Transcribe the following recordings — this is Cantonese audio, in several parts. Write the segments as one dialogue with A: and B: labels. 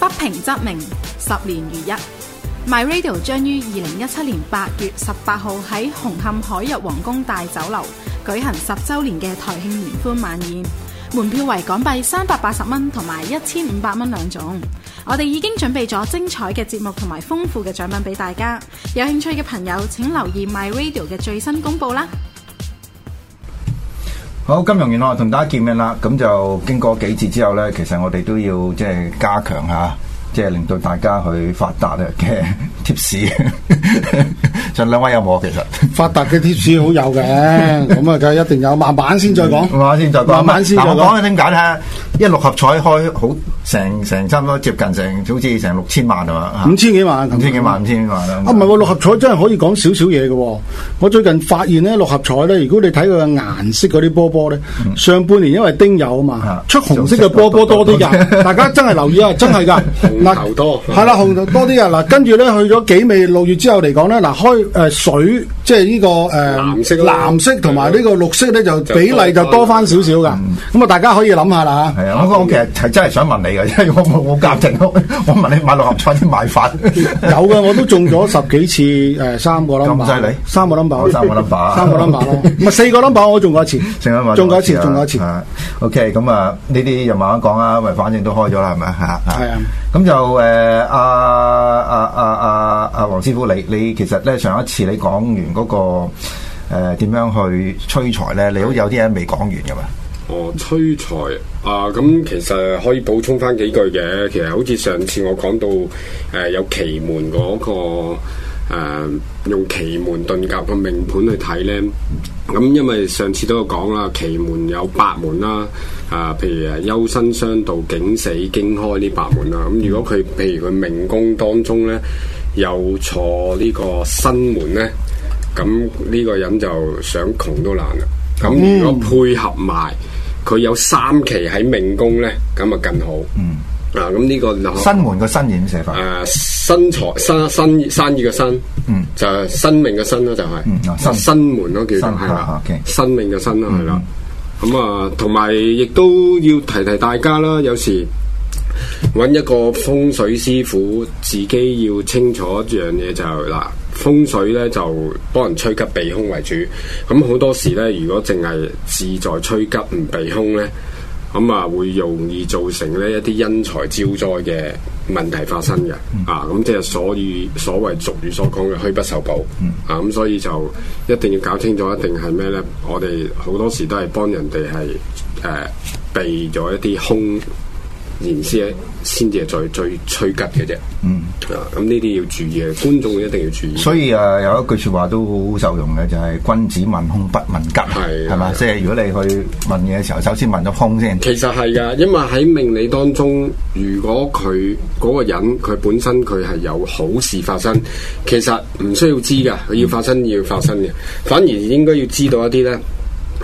A: 不平則鳴，十年如一。MyRadio 將於二零一七年八月十八號喺紅磡海逸皇宮大酒樓舉行十週年嘅台慶聯歡晚宴，門票為港幣三百八十蚊同埋一千五百蚊兩種。我哋已經準備咗精彩嘅節目同埋豐富嘅獎品俾大家，有興趣嘅朋友請留意 MyRadio 嘅最新公佈啦。
B: 好，金融銀行同大家見面啦。咁就經過幾次之後咧，其實我哋都要即係、即係、加強下，即、就、係、係、令到大家去發達嘅貼士。 兩位有冇？其實
A: 發達嘅貼士好有嘅，咁啊梗係一定有，慢慢先再講。慢慢先再講，慢慢先再講。點
B: 解咧？因為六合彩開好成成差唔多接近成，好似成六千萬啊，五千幾
A: 萬，五千幾萬，五千幾萬。啊，唔係六合彩真係可以講少少嘢嘅。我最近發現咧，六合彩咧，如果你睇佢嘅顏色嗰啲波波咧，上半年因為丁酉啊嘛，出紅色嘅波波多啲㗎。大家真係留意啊，真係㗎。紅球多係啦，紅球多啲㗎。嗱，跟住咧去咗幾味，六月之後嚟講咧，嗱開。誒、呃、水。即係呢個誒藍色同埋呢個綠色咧，就比例就多返少少嘅。咁啊，大家可以諗下啦吓。係啊，我
B: 其實係真係想問你嘅，因為我冇冇家庭我問你買六合彩啲買法。
A: 有嘅，我都中咗十幾次誒三個 number，三個 number，三個 number，三個 number 咯。咪四個 number 我中過一次，中過一
B: 次，中過一次。OK，咁啊呢啲就慢慢講啦，咪反正都開咗啦，係咪啊？係啊。咁就誒阿阿阿阿阿黃師傅，你你其實咧上一次你講完。嗰、那個誒，點、呃、樣去催財呢？你好似有啲嘢未講完嘅嘛？
C: 哦，催財啊！咁其實可以補充翻幾句嘅。其實好似上次我講到誒、呃，有奇門嗰、那個誒、啊，用奇門遁甲個命盤去睇呢。咁、啊、因為上次都有講啦，奇門有八門啦，啊，譬如誒，休、生、傷、杜、景、死、驚、開呢八門啦。咁、啊、如果佢譬如佢命宮當中呢，有坐呢個新門呢。咁呢個人就想窮都難啦。咁如果配合埋佢，嗯、有三期喺命宮咧，咁啊更好。嗯。啊，咁呢個新門個新點寫法？誒，新財新新生意嘅新，啊 okay. 命就是、嗯，就係新命嘅新咯，就係。新新門咯叫係啦。新命嘅新咯係啦。咁啊，同埋亦都要提提大家啦。有時揾一個風水師傅，自己要清楚一樣嘢就係啦、是。風水咧就幫人催吉避凶為主，咁、嗯、好多時咧，如果淨係志在催吉唔避凶咧，咁、嗯、啊會容易造成呢一啲因財招災嘅問題發生嘅，啊咁、嗯嗯、即係所以所謂俗語所講嘅虛不受補，啊咁所以就一定要搞清楚，一定係咩咧？我哋好多時都係幫人哋係誒避咗一啲凶。先先至係最最趨吉嘅啫，嗯，咁呢啲要注意嘅，觀眾一定要注意。所以啊，
B: 有一句說話都好受用嘅，就係、是、君子問凶不問吉，係嘛？即係如果你去問嘢嘅時候，首先問咗凶先。其
C: 實係噶，因為喺命理當中，如果佢嗰、那個人佢本身佢係有好事發生，其實唔需要知噶，佢要發生、嗯、要發生嘅，反而應該要知道一啲咧。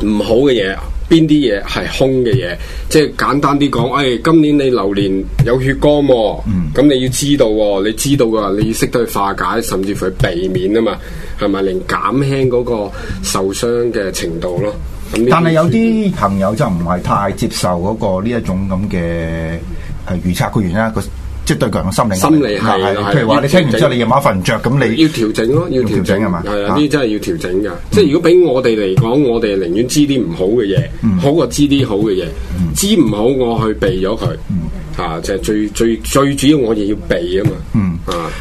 C: 唔好嘅嘢，邊啲嘢係空嘅嘢？即係簡單啲講，誒、哎，今年你流年有血光喎、哦，咁、嗯、你要知道、哦，你知道嘅，你要識得去化解，甚至乎去避免啊嘛，係咪？令減輕嗰個受傷嘅程度咯。但係有啲
B: 朋友就唔係太接受嗰個呢一種咁嘅誒預測嘅原因。即對個人嘅心理，係係，譬如話你聽完之後，你夜晚瞓唔著咁，你要調整咯，要調整係嘛？係啊，呢啲
C: 真係要調整㗎。即如果俾我哋嚟講，我哋寧願知啲唔好嘅嘢，好過知啲好嘅嘢。知唔好，我去避咗佢，啊，就係最最最主要，我哋要避啊嘛。嗯。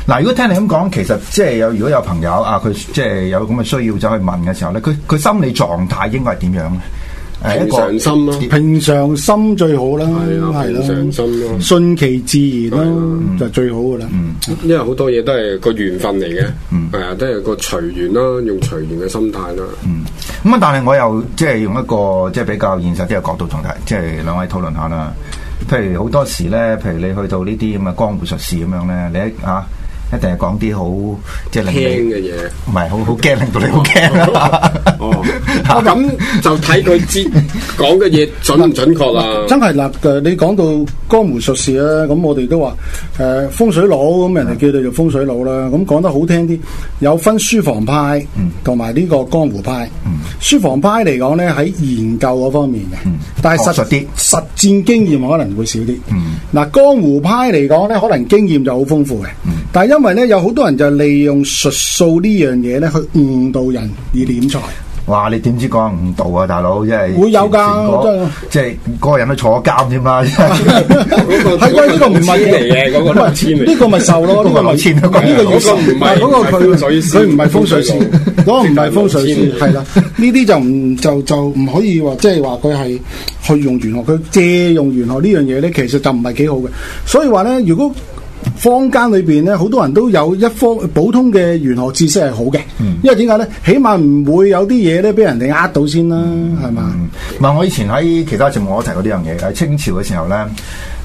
B: 嗱，如果聽你咁講，其實即係有如果有朋友啊，佢即係有咁嘅需要走去問嘅時候咧，佢佢心理狀態應該係點樣咧？
A: 平常心咯，啊，平常心最好啦，啊，係咯，平常心咯，啊，順其自然咯，就最好噶啦。
C: 因為好多嘢都係個緣分嚟嘅，係啊，都係個隨緣啦，用隨緣嘅心態啦。
B: 咁啊，但係我又即係用一個即係、就是、比較現實啲嘅角度，同埋即係兩位討論下啦。譬如好多時咧，譬如你去到呢啲咁嘅江湖術士咁樣咧，你吓。啊一定係講啲好即係聽嘅
C: 嘢，唔係好好驚，令到你好驚啦。哦，咁就睇佢接講嘅嘢準唔準確啦、啊。 真
A: 係嗱，誒，你講到江湖術士啦，咁我哋都話誒、呃、風水佬，咁人哋叫你做風水佬啦。咁講、嗯、得好聽啲，有分書房派，同埋呢個江湖派。嗯，書房派嚟講咧喺研究嗰方面嘅，嗯、但係實實啲實戰經驗可能會少啲。嗯，嗱、呃、江湖派嚟講咧，可能經驗就好豐富嘅。但係因為咧，有好多人就利用術數呢樣嘢咧，去誤導人而斂財。
B: 哇！你點知講誤導啊，大佬，即係會有噶，即係嗰個人都坐監添啦。係啊，呢個唔係嚟嘅，
A: 呢個咪受咯。呢個冇錢，呢個唔係，呢個佢佢唔係風水師，個唔係風水係啦，呢啲就唔就就唔可以話，即係話佢係去用玄學，佢借用玄學呢樣嘢咧，其實就唔係幾好嘅。所以話咧，如果坊間裏邊咧，好多人都有一方普通嘅玄學知識係好嘅，嗯、因為點解咧？起碼唔會有啲嘢咧，俾人哋呃到先啦，係嘛、嗯？
B: 唔係我以前喺其他節目我都提過呢樣嘢，喺清朝嘅時候咧，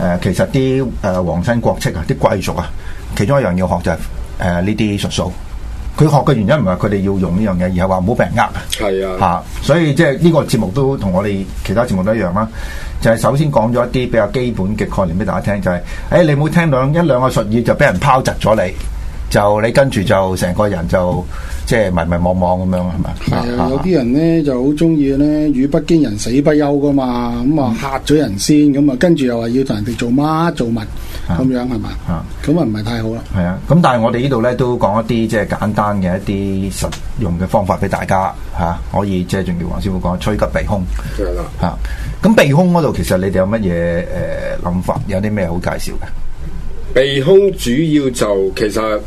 B: 誒，其實啲誒皇親國戚啊，啲貴族啊，其中一樣要學就係誒呢啲術數，佢、啊、學嘅原因唔係佢哋要用呢樣嘢，而係話唔好俾人呃，係啊，
A: 吓、
B: 啊，所以即係呢個節目都同我哋其他節目都一樣啦、啊。就係首先講咗一啲比較基本嘅概念俾大家聽，就係、是，誒、哎、你冇聽兩一兩個術語就俾人拋窒咗你。就你跟住就成個人就即係迷迷惘惘咁樣係咪？係啊，有
A: 啲人咧就好中意咧，語不驚人死不休噶嘛，咁啊嚇咗人先，咁啊跟住又話要同人哋做乜做乜咁樣係咪？啊，咁啊唔係太好啦。
B: 係啊，咁、嗯、但係我哋呢度咧都講一啲即係簡單嘅一啲實用嘅方法俾大家嚇、啊，可以即係正如黃師傅講，趨吉避凶，係咁、啊啊、避凶嗰度其實你哋有乜嘢誒諗法？有啲咩好介紹嘅？
C: 避凶主要就其實。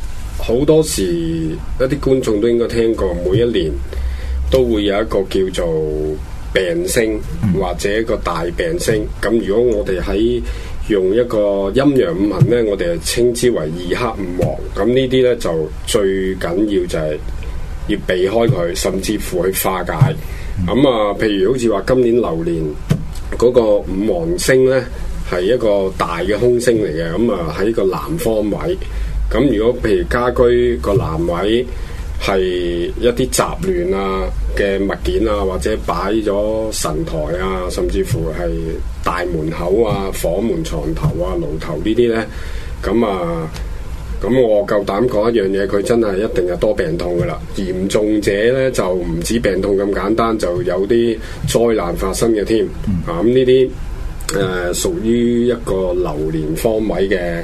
C: 好多時一啲觀眾都應該聽過，每一年都會有一個叫做病星或者一個大病星。咁如果我哋喺用一個陰陽五行呢，我哋係稱之為二黑五黃。咁呢啲呢，就最緊要就係要避開佢，甚至乎去化解。咁啊，譬如好似話今年流年嗰個五黃星呢，係一個大嘅空星嚟嘅。咁啊，喺個南方位。咁如果譬如家居個南位係一啲雜亂啊嘅物件啊，或者擺咗神台啊，甚至乎係大門口啊、房門、床頭啊、爐頭呢啲呢，咁啊，咁我夠膽講一樣嘢，佢真係一定係多病痛噶啦。嚴重者呢，就唔止病痛咁簡單，就有啲災難發生嘅添。嗯、啊，咁呢啲誒屬於一個流年方位嘅。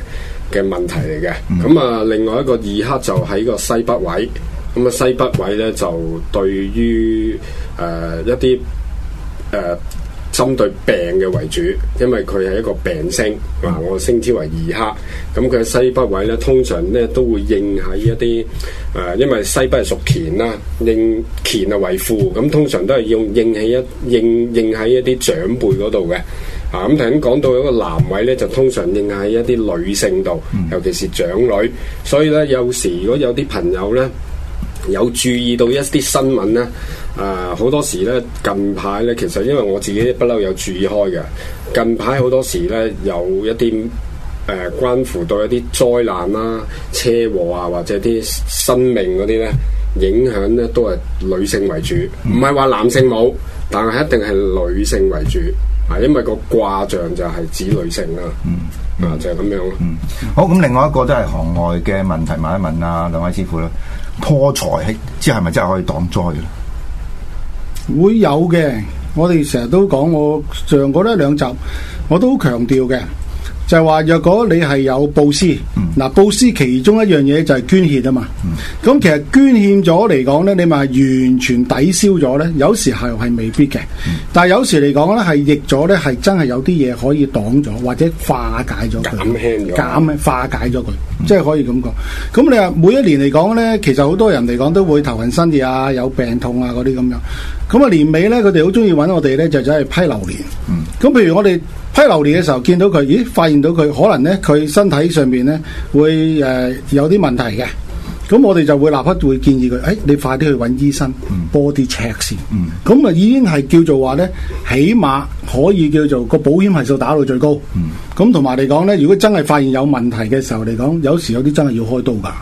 C: 嘅問題嚟嘅，咁、嗯、啊，另外一個二黑就喺個西北位，咁、嗯、啊西北位咧就對於誒、呃、一啲誒、呃、針對病嘅為主，因為佢係一個病星，嗱、嗯、我稱之為二黑，咁佢喺西北位咧通常咧都會應喺一啲誒、呃，因為西北係屬乾啦，應乾啊為父，咁、嗯、通常都係要應喺一應應喺一啲長輩嗰度嘅。啊咁頭先講到一個男位咧，就通常應喺一啲女性度，尤其是長女。所以咧，有時如果有啲朋友咧，有注意到一啲新聞咧，啊、呃、好多時咧近排咧，其實因為我自己不嬲有注意開嘅，近排好多時咧有一啲誒、呃、關乎到一啲災難啦、啊、車禍啊，或者啲生命嗰啲咧，影響咧都係女性為主，唔係話男性冇，但係一定係女性為主。啊，因為個卦象就係子女性啦，嗯，嗯，啊就係咁樣
B: 咯。嗯，好，咁另外一個都係行外嘅問題，問一問啊兩位師傅啦。破財係，即係咪真係可以擋災嘅咧？
A: 會有嘅，我哋成日都講，我上過呢兩集我都好強調嘅。就係話，若果你係有布施，嗱布施其中一樣嘢就係捐獻啊嘛。咁其實捐獻咗嚟講咧，你咪完全抵消咗咧？有時候係未必嘅，但係有時嚟講咧，係逆咗咧，係真係有啲嘢可以擋咗，或者化解咗佢，減輕咗，減化解咗佢，即係可以咁講。咁你話每一年嚟講咧，其實好多人嚟講都會頭暈身熱啊，有病痛啊嗰啲咁樣。咁啊年尾咧，佢哋好中意揾我哋咧，就走去批流年。咁譬如我哋，喺流年嘅時候見到佢，咦？發現到佢可能咧，佢身體上邊咧會誒、呃、有啲問題嘅。咁我哋就會立刻會建議佢：，哎，你快啲去揾醫生，多啲 check 先。咁啊，嗯、就已經係叫做話咧，起碼可以叫做個保險係數打到最高。咁同埋嚟講咧，如果真係發現有問題嘅時候嚟講，有時有啲真係要開刀噶。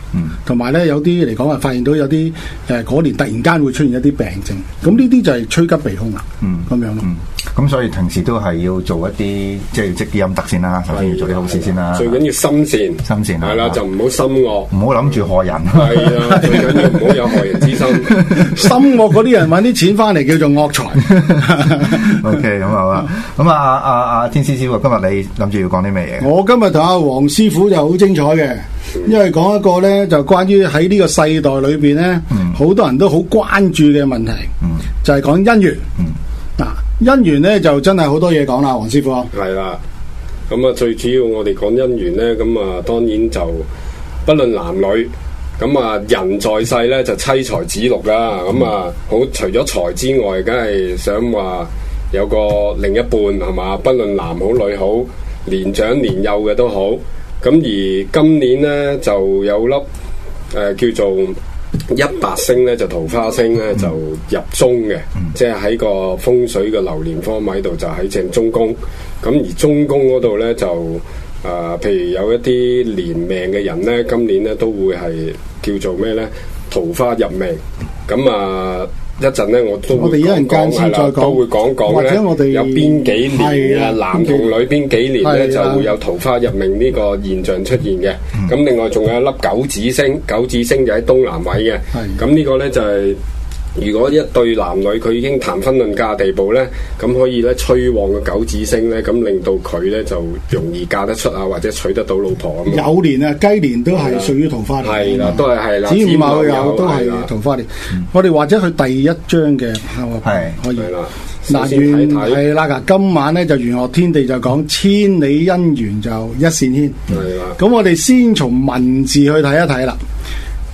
A: 同埋咧，有啲嚟講啊，發現到有啲誒嗰年突然間會出現一啲病症，咁呢啲就係趨吉避凶啊，咁這樣咯、嗯。嗯
B: 咁所以平時都係要做一啲，即係積啲陰德先啦，首先要做啲好事先啦。最緊
C: 要，善啦要心善，
B: 心善、啊、啦，係啦，就唔好心惡，
C: 唔好諗住害人。係啊，最緊要唔好有害人之
A: 心。 心惡嗰啲人揾啲錢翻嚟叫做惡財。 OK，咁好啦，咁 啊啊啊天獅師傅，今日你諗住要講啲咩嘢？我今日同阿黃師傅就好精彩嘅，因為講一個咧就關於喺呢個世代裏邊咧，好、嗯、多人都好關注嘅問題，嗯、就係講姻緣。嗯姻緣咧就真係好多嘢講啦，黃師傅。
C: 係啦，咁啊最主要我哋講姻緣咧，咁啊當然就不論男女，咁啊人在世咧就妻財子祿啦，咁啊好、嗯、除咗財之外，梗係想話有個另一半係嘛，不論男好女好，年長年幼嘅都好，咁而今年咧就有粒誒、呃、叫做。一白星咧就桃花星咧就入中嘅，即係喺個風水嘅流年方位度就喺正中宮。咁而中宮嗰度咧就啊、呃，譬如有一啲年命嘅人咧，今年咧都會係叫做咩咧桃花入命。咁、嗯、啊。呃一陣咧，我都講我哋一陣間先再講，或者我哋有邊幾年啊的男同女邊幾年咧，okay. 就會有桃花入命呢個現象出現嘅。咁的另外仲有一粒九子星，嗯、九子星就喺東南位嘅。咁的呢個咧就係、是。如果一對男女佢已經談婚論嫁地步咧，咁可以咧催旺個九子星咧，咁令到佢咧就容易嫁得出啊，或者娶得到老婆
A: 咁。有年啊，雞年都係屬於桃花年，係啦，都
C: 係係啦，子午卯酉都係桃
A: 花年。我哋或者去第一張嘅，係可以嗱，完係啦。嗱，今晚咧就《玄學天地》就講千里姻緣就一線牽，係啦。咁我哋先從文字去睇一睇啦。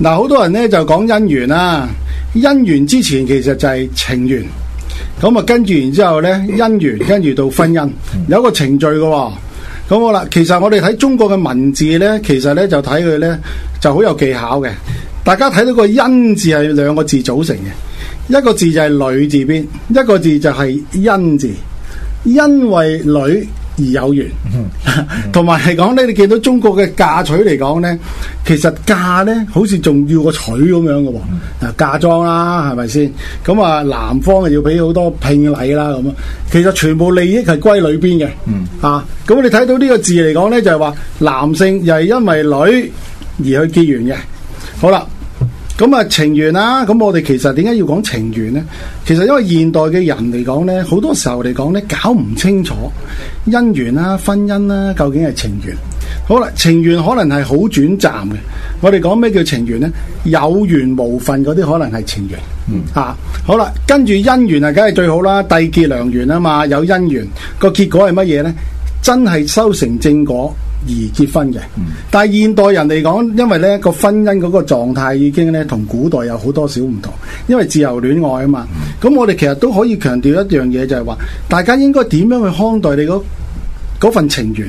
A: 嗱，好多人咧就講姻緣啦。姻緣之前其實就係情緣，咁啊跟住然之後呢，姻緣跟住到婚姻，有一個程序嘅，咁好啦。其實我哋睇中國嘅文字呢，其實呢就睇佢呢就好有技巧嘅。大家睇到個姻字係兩個字組成嘅，一個字就係女字邊，一個字就係因字，因為女。而有緣、嗯，同埋係講咧，你見到中國嘅嫁娶嚟講咧，其實嫁咧好似仲要個娶咁樣嘅、哦，啊、嗯、嫁妝啦，係咪先？咁啊男方啊要俾好多聘禮啦，咁、嗯、啊，嗯、其實全部利益係歸女邊嘅，嗯、啊，咁你睇到呢個字嚟講咧，就係、是、話男性又係因為女而去結緣嘅，好啦。咁啊情緣啦，咁我哋其實點解要講情緣呢？其實因為現代嘅人嚟講呢，好多時候嚟講呢，搞唔清楚姻緣啦、啊、婚姻啦、啊，究竟係情緣。好啦，情緣可能係好短暫嘅。我哋講咩叫情緣呢？有緣無份嗰啲可能係情緣。嗯，吓、啊、好啦，跟住姻緣啊，梗係最好啦，締結良緣啊嘛，有姻緣個結果係乜嘢呢？真係修成正果。而結婚嘅，但係現代人嚟講，因為呢個婚姻嗰個狀態已經呢同古代有好多少唔同，因為自由戀愛啊嘛。咁我哋其實都可以強調一樣嘢，就係話大家應該點樣去看待你嗰份情緣。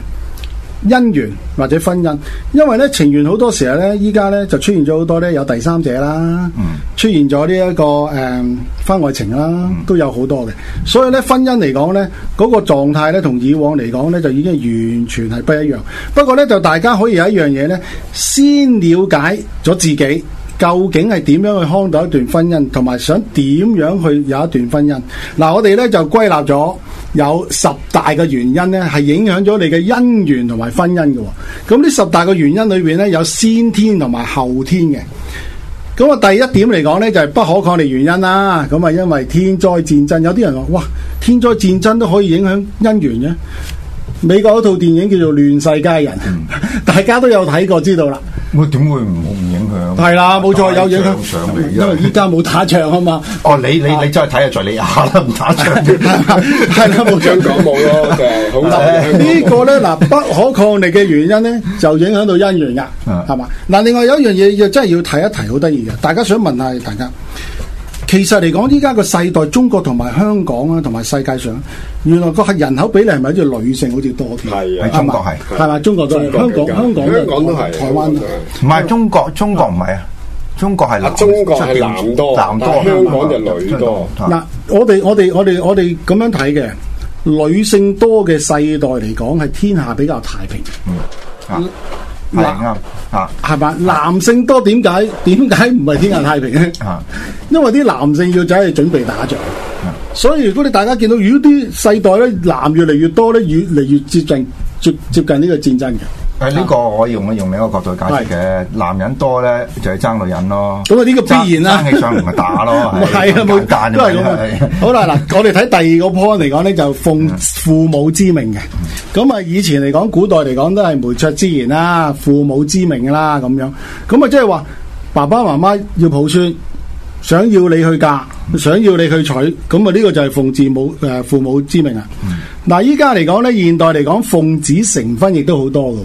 A: 姻緣或者婚姻，因為咧情緣好多時候咧，依家咧就出現咗好多咧有第三者啦，嗯、出現咗呢一個誒婚外情啦，都有好多嘅。所以咧婚姻嚟講咧，嗰、嗰個狀態咧同以往嚟講咧就已經完全係不一樣。不過咧就大家可以有一樣嘢咧，先了解咗自己究竟係點樣去看待一段婚姻，同埋想點樣去有一段婚姻。嗱，我哋咧就歸納咗。有十大嘅原因咧，係影響咗你嘅姻緣同埋婚姻嘅、哦。咁呢十大嘅原因裏邊咧，有先天同埋後天嘅。咁啊，第一點嚟講咧，就係、是、不可抗力原因啦。咁啊，因為天災戰爭，有啲人話哇，天災戰爭都可以影響姻緣嘅、啊。美國嗰套電影叫做《亂世佳人》， 大家都有睇過，知道啦。
B: 我點會唔唔影響？係啦、啊，冇錯，有影響。上嚟，因為
A: 依家冇打仗啊嘛。 哦，你你你真係睇下，敘利亞啦，唔打仗。係啦、 啊，冇想講冇
C: 咯，
A: 好個呢個咧嗱，不可抗力嘅原因咧，就影響到姻緣噶，係嘛？ 嗱，另外有一樣嘢要真係要提一提一，好得意嘅，大家想問下大家。其實嚟講，依家個世代，中國同埋香港啊，同埋世界上，原來個係人口比例係咪啲女性好似多啲？係啊，中國係，係嘛？中國中國，香港香港香港都係，台灣唔
B: 係中國中國唔係啊，中國係男，中國係男
A: 多男多，香港就女多。嗱，我哋我哋我哋我哋咁樣睇嘅女性多嘅世代嚟講，係天下比較太平。嗯。啱啊，係嘛？男性多點解？點解唔係天下太平啊， 因為啲男性要走去準備打仗， 所以如果你大家見到如果啲世代咧，男越嚟越多咧，越嚟越接近接接近呢個戰爭嘅。誒，呢個我
B: 用我用另一個角度解釋嘅，是男人多咧就係、是、爭女人咯。咁啊，呢個必然啦，爭起
A: 上嚟咪打咯，係 是啊，冇得彈。好啦，嗱，我哋睇第二個 point 嚟講咧，就是、奉父母之命嘅。咁啊、嗯，以前嚟講，古代嚟講都係媒妁之言啦，父母之命啦，咁樣。咁啊，即係話爸爸媽媽要抱孫，想要你去嫁，嗯、想要你去娶，咁啊，呢個就係奉父母誒父母之命啊。嗱，依家嚟講咧，現代嚟講奉子成婚亦都好多嘅，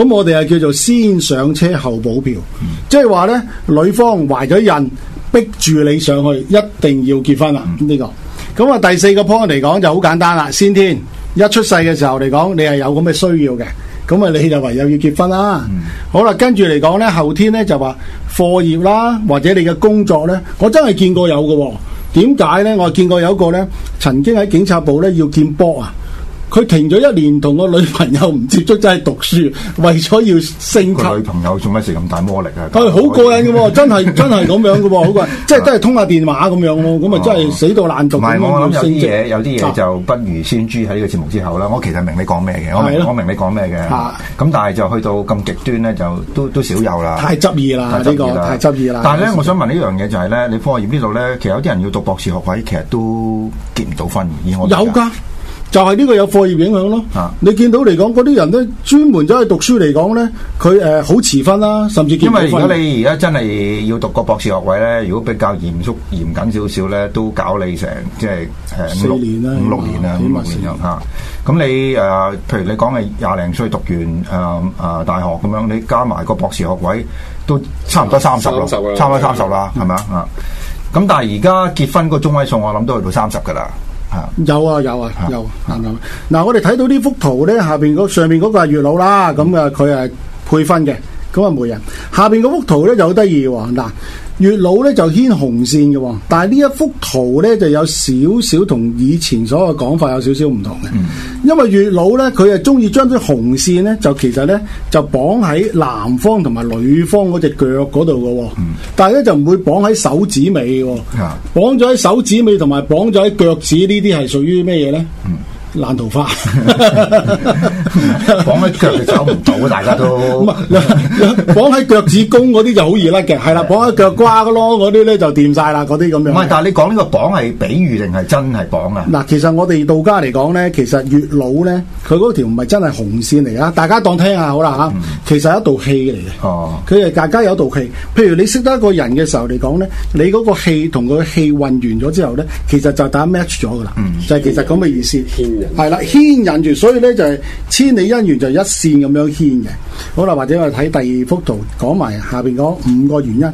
A: 咁、嗯、我哋啊叫做先上車後補票，嗯、即係話咧女方懷咗孕，逼住你上去，一定要結婚啊！呢、嗯呢個咁啊，第四個 point 嚟講就好簡單啦，先天一出世嘅時候嚟講，你係有咁嘅需要嘅，咁啊你就唯有要結婚啦。嗯、好啦，跟住嚟講咧，後天咧就話課業啦，或者你嘅工作咧，我真係見過有嘅，點解咧？我見過有一個咧，曾經喺警察部咧要見波啊！佢停咗一年同個女朋友唔接觸，真係讀書，為咗要升級。佢女朋友做咩事咁大魔力啊？佢好過癮嘅喎，真係真係咁樣嘅喎，好過癮，即係真係通下電話咁樣咯，咁啊真係死到爛度。唔係，我諗有啲嘢，
B: 就不如先注喺呢個節目之後啦。我其實明你講咩嘅，我明我明你講咩嘅。咁但係就去到咁極端咧，就都都少有啦。太
A: 執意啦！太執意啦！但係咧，我
B: 想問呢樣嘢就係咧，你科學院呢度咧，其實有啲人要讀博士學位，其實都結唔到婚。有噶。
A: 就係呢個有課業影響咯，你見到嚟講嗰啲人都專門走去讀書嚟講咧，佢誒好遲婚啦，甚至因為如果你
B: 而家真係要讀個博士學位咧，如果比較嚴肅嚴謹少少咧，都搞你成即係誒五六年啊，五六年啊吓。咁你誒，譬如你講係廿零歲讀完誒誒大學咁樣，你加埋個博士學位都差唔多三十咯，差唔多三十啦，係咪啊？咁但係而家結婚個中位數，我諗都去到三十噶啦。
A: 嗯、有啊有啊有，嗱嗱、啊嗯，我哋睇到呢幅圖咧，下邊嗰，上面嗰個係月老啦，咁啊佢係配分嘅，咁啊媒人下邊嗰幅圖咧就好得意喎，嗱。月老咧就牽紅線嘅。哦，但係呢一幅圖咧就有少少同以前所有嘅講法有少少唔同嘅，嗯、因為月老咧佢係中意將啲紅線咧就其實咧就綁喺男方同埋女方嗰隻腳嗰度嘅，但係咧就唔會綁喺手指尾嘅。哦，綁咗喺手指尾同埋綁咗喺腳趾屬於呢啲係屬於咩嘢咧？嗯爛桃花，綁喺腳就
B: 走唔到，大家
A: 都。綁喺腳趾公嗰啲就好易甩嘅，係啦，綁喺腳瓜嘅咯，嗰啲咧就掂晒啦，嗰啲咁樣。唔係，但係你講呢個綁係比喻定係真係綁啊？嗱，其實我哋道家嚟講咧，其實月老咧，佢嗰條唔係真係紅線嚟啦，大家當聽下好啦吓。其實係一道氣嚟嘅，佢係大家有道氣。譬如你識得一個人嘅時候嚟講咧，你嗰個氣同佢嘅氣混完咗之後咧，其實就打 match 咗噶啦，就係其實咁嘅意思。係啦，牽引住，所以咧就係千里姻緣就一綫咁樣牽嘅。好啦，或者我睇第二幅圖，講埋下邊嗰五個原因。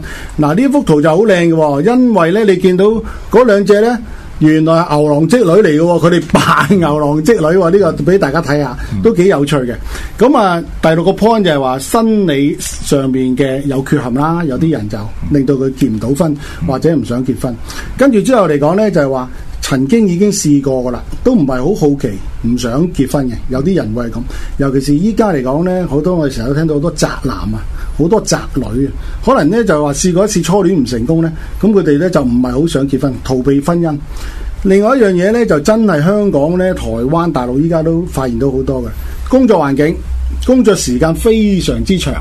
A: 嗱，呢幅圖就好靚嘅，因為咧你見到嗰兩隻咧，原來係牛郎織女嚟嘅，佢哋扮牛郎織女喎。呢個俾大家睇下，都幾有趣嘅。咁啊，第六個 point 就係話生理上面嘅有缺陷啦，有啲人就令到佢結唔到婚，或者唔想結婚。跟住之後嚟講咧，就係話。曾經已經試過噶啦，都唔係好好奇，唔想結婚嘅。有啲人會係咁，尤其是依家嚟講呢。好多我哋成日都聽到好多宅男啊，好多宅女啊，可能呢就話試過一次初戀唔成功呢。咁佢哋呢就唔係好想結婚，逃避婚姻。另外一樣嘢呢，就真係香港呢，台灣、大陸依家都發現到好多嘅工作環境、工作時間非常之長，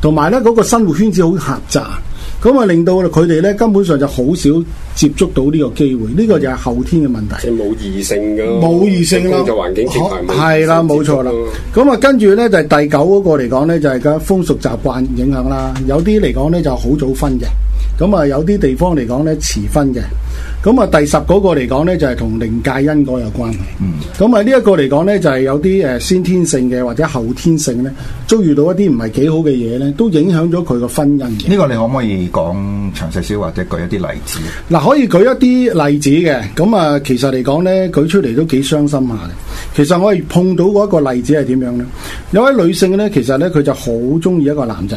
A: 同埋呢嗰個生活圈子好狹窄。咁啊，令到佢哋咧根本上就好少接觸到呢個機會，呢個就係後天嘅問題。冇異性噶，冇異性嘅
C: 環境設埋係
A: 啦，冇錯啦。咁啊，跟住咧就係第九嗰個嚟講咧，就係嗰風俗習慣影響啦。有啲嚟講咧就好早分嘅，咁啊，有啲地方嚟講咧遲分嘅。咁啊，第十嗰個嚟講呢，就係同靈界因果有關係。咁啊、嗯，呢一個嚟講呢，就係、是、有啲誒先天性嘅，或者後天性咧，遭遇到一啲唔係幾好嘅嘢呢，都影響咗佢個婚姻嘅。呢個你可唔可以講詳細少，或者舉一啲例子？嗱、啊，可以舉一啲例子嘅。咁啊，其實嚟講呢，舉出嚟都幾傷心下。其實我哋碰到過一個例子係點樣呢？有位女性呢，其實呢，佢就好中意一個男仔，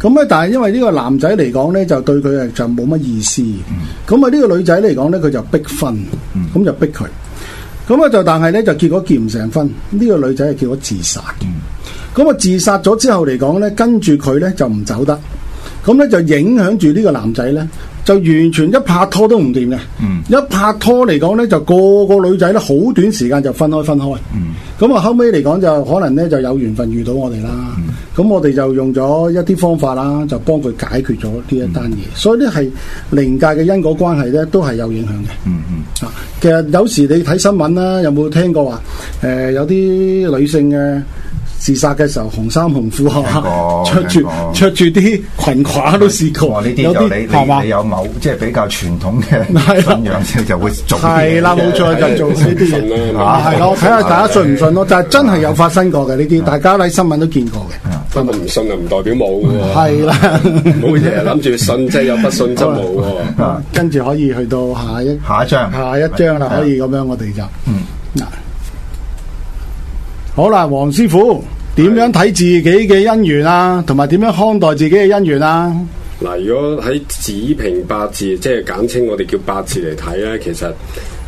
A: 咁咧但係因為呢個男仔嚟講呢，就對佢誒就冇乜意思，咁啊呢個女仔嚟講呢，佢就逼婚，咁、嗯、就逼佢，咁啊就但係呢，就結果結唔成婚，呢、這個女仔係結果自殺，咁啊、嗯、自殺咗之後嚟講呢，跟住佢呢，就唔走得，咁呢，就影響住呢個男仔呢。就完全一拍拖都唔掂嘅，嗯、一拍拖嚟講呢，就個個女仔咧，好短時間就分開分開。咁啊、嗯，後尾嚟講就可能呢就有緣分遇到我哋啦。咁、嗯、我哋就用咗一啲方法啦，就幫佢解決咗呢一單嘢。嗯、所以呢，係靈界嘅因果關係呢，都係有影響嘅。啊、嗯，嗯、其實有時你睇新聞啦，有冇聽過話誒、呃？有啲女性嘅。自殺嘅時候，紅衫紅褲，吓，着住着住啲裙褂都試過，有啲係你你有
B: 某即係比較傳統嘅信仰，即係就會做。係啦，冇錯，就做呢啲嘢。係咯，睇
A: 下大家信唔信咯。但係真係有發生過嘅呢啲，大家喺新聞都見過嘅。不過唔
C: 信啊，唔代表冇嘅。係啦，冇嘢，諗住信即係有，不信則冇。
A: 跟住可以去到下一下一張，下一張啦，可以咁樣，我哋就好啦，黃師傅，點樣睇自己嘅姻緣啊？同埋點樣看待自己嘅姻緣啊？
C: 嗱，如果喺子平八字，即係簡稱我哋叫八字嚟睇咧，其實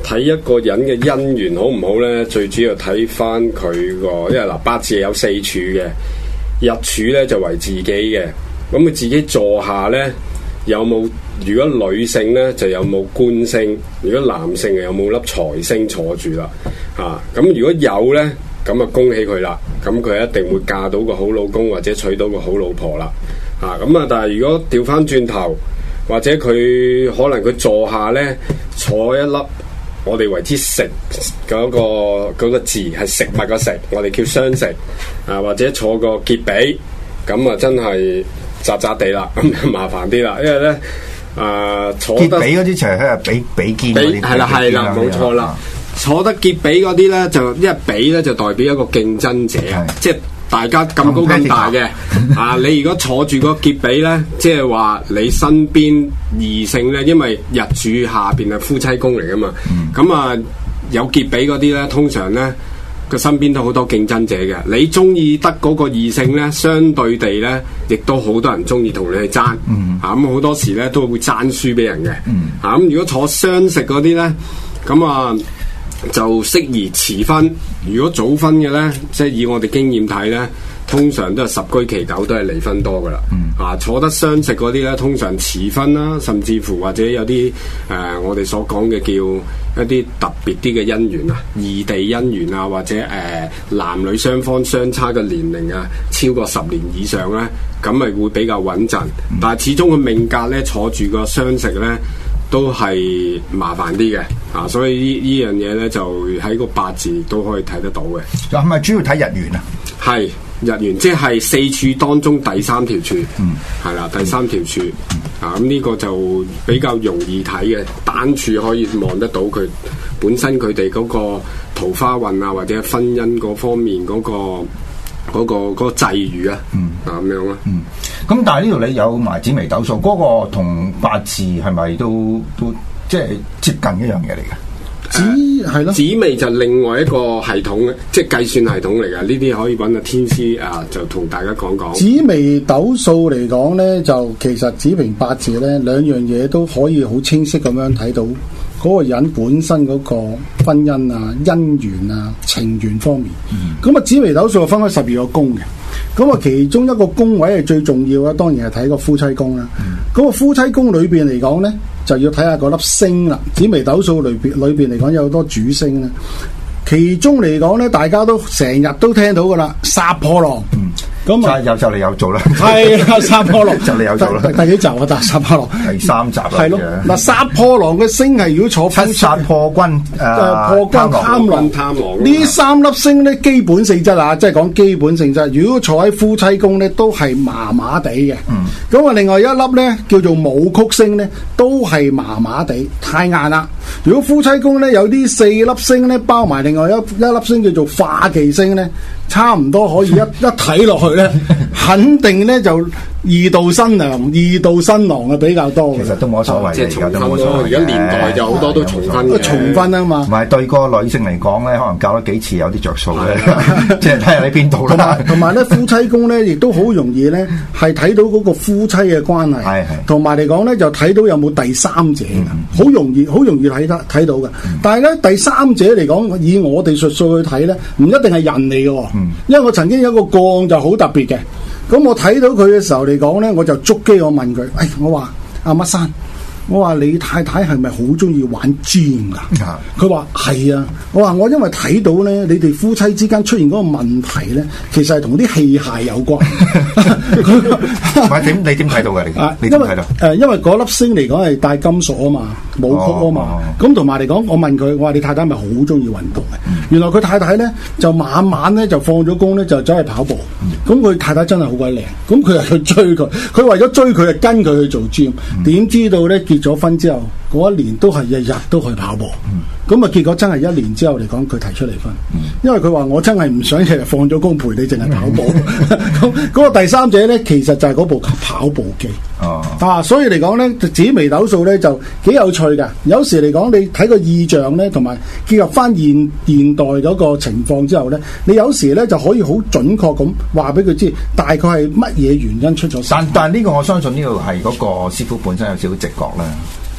C: 睇一個人嘅姻緣好唔好咧，最主要睇翻佢個，因為嗱八字有四柱嘅日柱咧，就為自己嘅咁佢自己坐下咧有冇？如果女性咧就有冇官星，如果男性又有冇粒財星坐住啦啊？咁如果有咧？咁啊，就恭喜佢啦！咁佢一定會嫁到個好老公，或者娶到個好老婆啦。啊，咁啊，但係如果調翻轉頭，或者佢可能佢坐下咧坐一粒我，我哋為之食嗰個、那個字係食物個食，我哋叫雙食啊，或者坐個結比，咁啊真係雜雜地啦，咁麻煩啲啦，因為咧啊坐比嗰啲斜向比比肩。係啦係啦，冇錯啦。的的坐得結比嗰啲呢，就一比呢，就代表一個競爭者啊！即係大家咁高咁大嘅啊！你如果坐住個劫比呢，即係話你身邊異性呢，因為日柱下邊係夫妻宮嚟噶嘛。咁、嗯嗯、啊，有劫比嗰啲呢，通常呢，個身邊都好多競爭者嘅。你中意得嗰個異性呢，相對地呢，亦都好多人中意同你去爭。吓，咁好多時呢，都會爭輸俾人嘅。吓、啊、咁如果坐傷食嗰啲呢，咁啊。啊啊啊啊啊啊啊就適宜遲婚，如果早婚嘅呢，即係以我哋經驗睇呢，通常都係十居其九都係離婚多噶啦。嗯、啊，坐得相食嗰啲呢，通常遲婚啦，甚至乎或者有啲誒、呃，我哋所講嘅叫一啲特別啲嘅姻緣啊，嗯、異地姻緣啊，或者誒、呃、男女雙方相差嘅年齡啊，超過十年以上呢，咁咪會比較穩陣。但係始終個命格呢，坐住個相食呢。都係麻煩啲嘅，啊，所以呢呢樣嘢咧就喺個八字都可以睇得到嘅。
B: 就係咪主要睇日元啊？
C: 係日元，即係四柱當中第三條柱，係啦、嗯，第三條柱、嗯、啊，咁、這、呢個就比較容易睇嘅，單柱可以望得到佢本身佢哋嗰個桃花運啊，或者婚姻嗰方面嗰、嗰個。嗰個嗰個際遇啊，嗯，啊咁樣啊，嗯，
B: 咁但係呢度你有埋紫微斗數嗰個同八字係咪都都即係接近一樣嘢嚟嘅？
C: 紫係咯、呃，紫微就另外一個系統，即係計算系統嚟噶。呢啲可以搵個天師啊，就同大家講講紫
A: 微斗數嚟講咧，就其實子平八字咧，兩樣嘢都可以好清晰咁樣睇到。嗰個人本身嗰個婚姻啊、姻緣啊、情緣方面，咁啊、嗯、紫微斗數分開十二個宮嘅，咁啊其中一個宮位係最重要嘅，當然係睇個夫妻宮啦。咁啊、嗯、夫妻宮裏邊嚟講呢，就要睇下嗰粒星啦。紫微斗數裏邊裏邊嚟講有好多主星啦，其中嚟講呢，大家都成日都聽到噶啦，殺破狼。嗯
B: 咁啊，有就嚟有做啦，
A: 係啊，殺破狼就嚟有做啦，第幾集啊？第殺破狼第三集，係咯。嗱，殺破狼嘅星係如果坐分殺破軍，誒，破軍貪論貪狼呢三粒星咧，基本性質啊，即係講基本性質。如果坐喺夫妻宮咧，都係麻麻地嘅。咁啊，另外一粒咧叫做武曲星咧，都係麻麻地，太硬啦。如果夫妻宮咧有啲四粒星咧包埋，另外一一粒星叫做化忌星咧。差唔多可以一一睇落去咧，肯定咧就。二度新娘，二度新郎嘅比較多，其實都冇乜所謂，啊，即係重
B: 婚咯。而家年代就好多都重婚，有有重婚啊嘛。唔係對個女性嚟講咧，可能搞咗幾次有啲着數嘅，即係睇下喺邊度啦。
A: 同埋咧，夫妻宮咧亦都好容易咧，係睇到嗰個夫妻嘅關係，係係。同埋嚟講咧，就睇到有冇第三者，好、嗯、容易，好容易睇得睇到嘅。嗯、但係咧，第三者嚟講，以我哋術數去睇咧，唔一定係人嚟嘅。因為我曾經有一個個案就好特別嘅。咁我睇到佢嘅時候嚟講咧，我就捉機，我問佢，誒，我話阿乜生，我話你太太係咪好中意玩 gym 噶，嗯？佢話係啊。我話我因為睇到咧，你哋夫妻之間出現嗰個問題咧，其實係同啲器械有關。咁
B: 你點睇到嘅？你你點睇到？
A: 誒，因為嗰粒，呃、星嚟講係帶金屬啊嘛，冇曲啊嘛。咁同埋嚟講，我問佢，我話你太太係咪好中意運動啊？嗯原來佢太太呢，就晚晚呢，就放咗工呢，就走去跑步，咁佢太太真係好鬼靚，咁佢又去追佢，佢為咗追佢就跟佢去做 gym，點知道呢？結咗婚之後嗰一年都係日日都去跑步，咁啊結果真係一年之後嚟講佢提出離婚，因為佢話我真係唔想日日放咗工陪你淨係跑步，咁嗰 個第三者呢，其實就係嗰部跑步機。啊，所以嚟講咧，紫微斗數咧就幾有趣嘅。有時嚟講，你睇個意象咧，同埋結合翻現現代嗰個情況之後咧，你有時咧就可以好準確咁話俾佢知，大概係乜嘢原因出咗
B: 事。但係呢個，我相信呢個係嗰個師傅本身有少少直覺啦。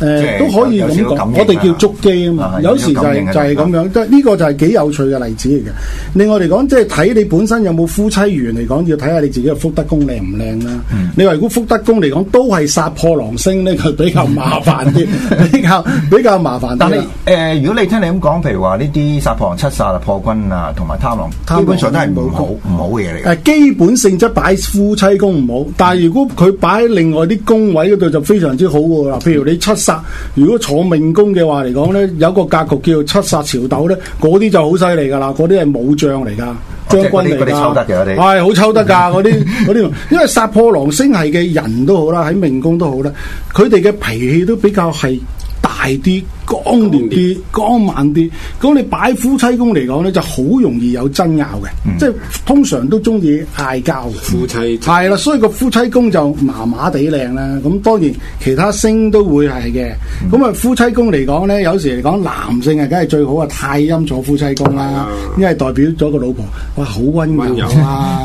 A: 誒，都可以咁講，我哋叫捉機啊嘛。有時就係就係咁樣，即係呢個就係幾有趣嘅例子嚟嘅。另外嚟講，即係睇你本身有冇夫妻緣嚟講，要睇下你自己嘅福德宮靚唔靚啦。你話如果福德宮嚟講都係殺破狼星呢，佢比較麻煩啲，比較比較麻煩啲。但係誒，如果你聽你咁講，譬如話呢啲殺破狼、七殺啊、破軍啊，同埋貪狼，基本上都係唔好唔好嘢嚟。誒，基本性質擺夫妻宮唔好，但係如果佢擺喺另外啲宮位嗰度就非常之好喎。譬如你七殺如果坐命宮嘅話嚟講咧，有一個格局叫做七殺朝斗咧，嗰啲就好犀利噶啦，嗰啲係武將嚟噶，哦、將軍嚟噶，係好抽得噶嗰啲嗰啲，因為殺破狼星系嘅人都好啦，喺命宮都好啦，佢哋嘅脾氣都比較係大啲。光年啲，光猛啲，咁你擺夫妻宮嚟講咧，就好容易有爭拗嘅，即係通常都中意嗌交夫妻係啦，所以個夫妻宮就麻麻地靚啦。咁當然其他星都會係嘅。咁啊，夫妻宮嚟講咧，有時嚟講男性啊，梗係最好啊，太陰坐夫妻宮啦，因為代表咗個老婆哇，好溫柔啊，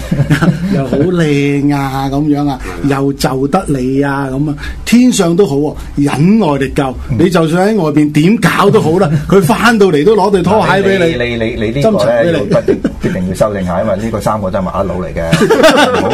A: 又好靚啊，咁樣啊，又就得你啊，咁啊，天上都好，忍耐力夠。你就算喺外邊，點搞都好啦，佢翻到嚟都攞對拖鞋俾你，你，
B: 你你你個呢個咧，一定要修正下，因為呢個三個真係麻甩佬嚟嘅。
A: 好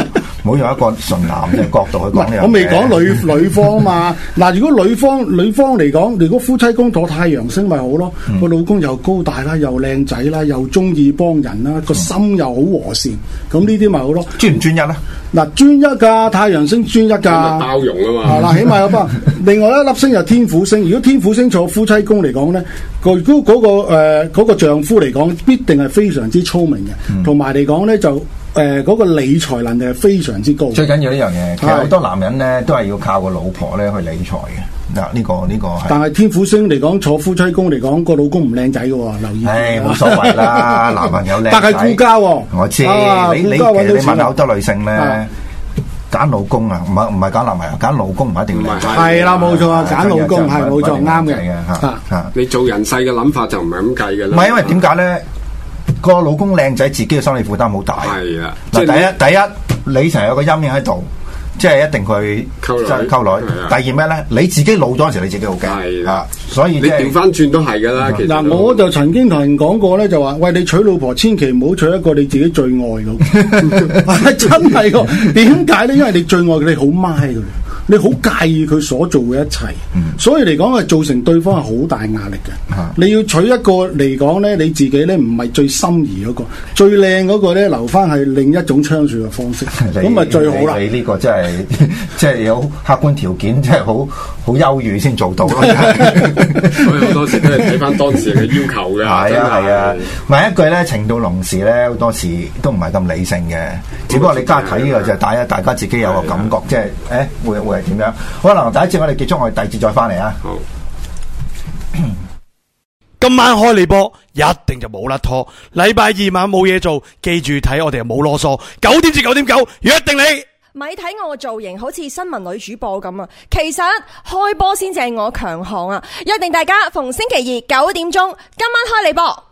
A: 唔好用一個
B: 純男嘅角度去講，我未講
A: 女、欸、女方啊嘛，嗱， 如果女方女方嚟講，如果夫妻宮坐太陽星咪好咯，個、嗯、老公又高大啦，又靚仔啦，又中意幫人啦，個心又好和善，咁呢啲咪好咯。專唔專一啊？嗱，專一噶，太陽星專一噶，包
C: 容啊嘛。嗱、嗯，起碼有噃，
A: 另外一粒星就係天府星，如果天府星坐夫妻宮嚟講咧，佢嗰嗰個誒嗰、呃、丈夫嚟講，必定係非常之聰明嘅，同埋嚟講咧就。就誒，嗰個理財能力係非常之高。最
B: 緊要呢樣嘢，其實好多男人咧都係要靠個老婆咧去理財嘅。嗱，呢個呢個係。但
A: 係天府星嚟講，坐夫妻宮嚟講，個老公唔靚仔嘅喎。留意。唉，冇所謂
B: 啦，男朋友靚仔。但係顧家。我知。你顧家搵到錢啊，好多女性咧揀老公啊，唔係唔係揀男朋友，揀老公唔一定靚仔。係
A: 啦，冇錯，揀老公係冇錯啱嘅。
B: 吓吓，
C: 你做人世嘅諗法就唔係咁計嘅唔係，因為點解咧？
B: 個老公靚仔，自己嘅心理負擔好大。係啦的，嗱，第一第一，第一你成日有個陰影喺度，即係一定佢溝女溝女。第二咩咧？的你自己老咗嘅時候，你自己好驚。
C: 係啦的，所以你調翻轉都係噶的實啦。嗱，
A: 我就曾經同人講過咧，就話喂，你娶老婆千祈唔好娶一個你自己最愛嘅， 真係噶。點解咧？因為你最愛你好孖噶。你好介意佢所做嘅一切，所以嚟講係造成對方係好大壓力嘅。你要娶一個嚟講咧，你自己咧唔係最心儀嗰個，最靚嗰個咧留翻係另一種相處嘅方式，咁咪最好啦。你
B: 呢個真係，即係有客觀條件，即係好好優遇先做到咯。所以
C: 好多時都係睇翻當時嘅要求嘅。係啊係
B: 啊，唔係一句咧情到濃時咧，好多時都唔係咁理性嘅。只不過你加睇呢個就大家，大家自己有個感覺，即係誒會。係點樣？可能第一節我哋結束，我哋第二節再翻嚟啊！
A: 今晚開你波，一定就冇甩拖。禮拜二晚冇嘢做，記住睇我哋冇囉嗦。九點至九點九，約定你。
B: 咪睇我嘅造型好似新聞女主播咁啊！其實開波先至係我強項啊！約定大家逢星期二九點鐘，今晚開你波。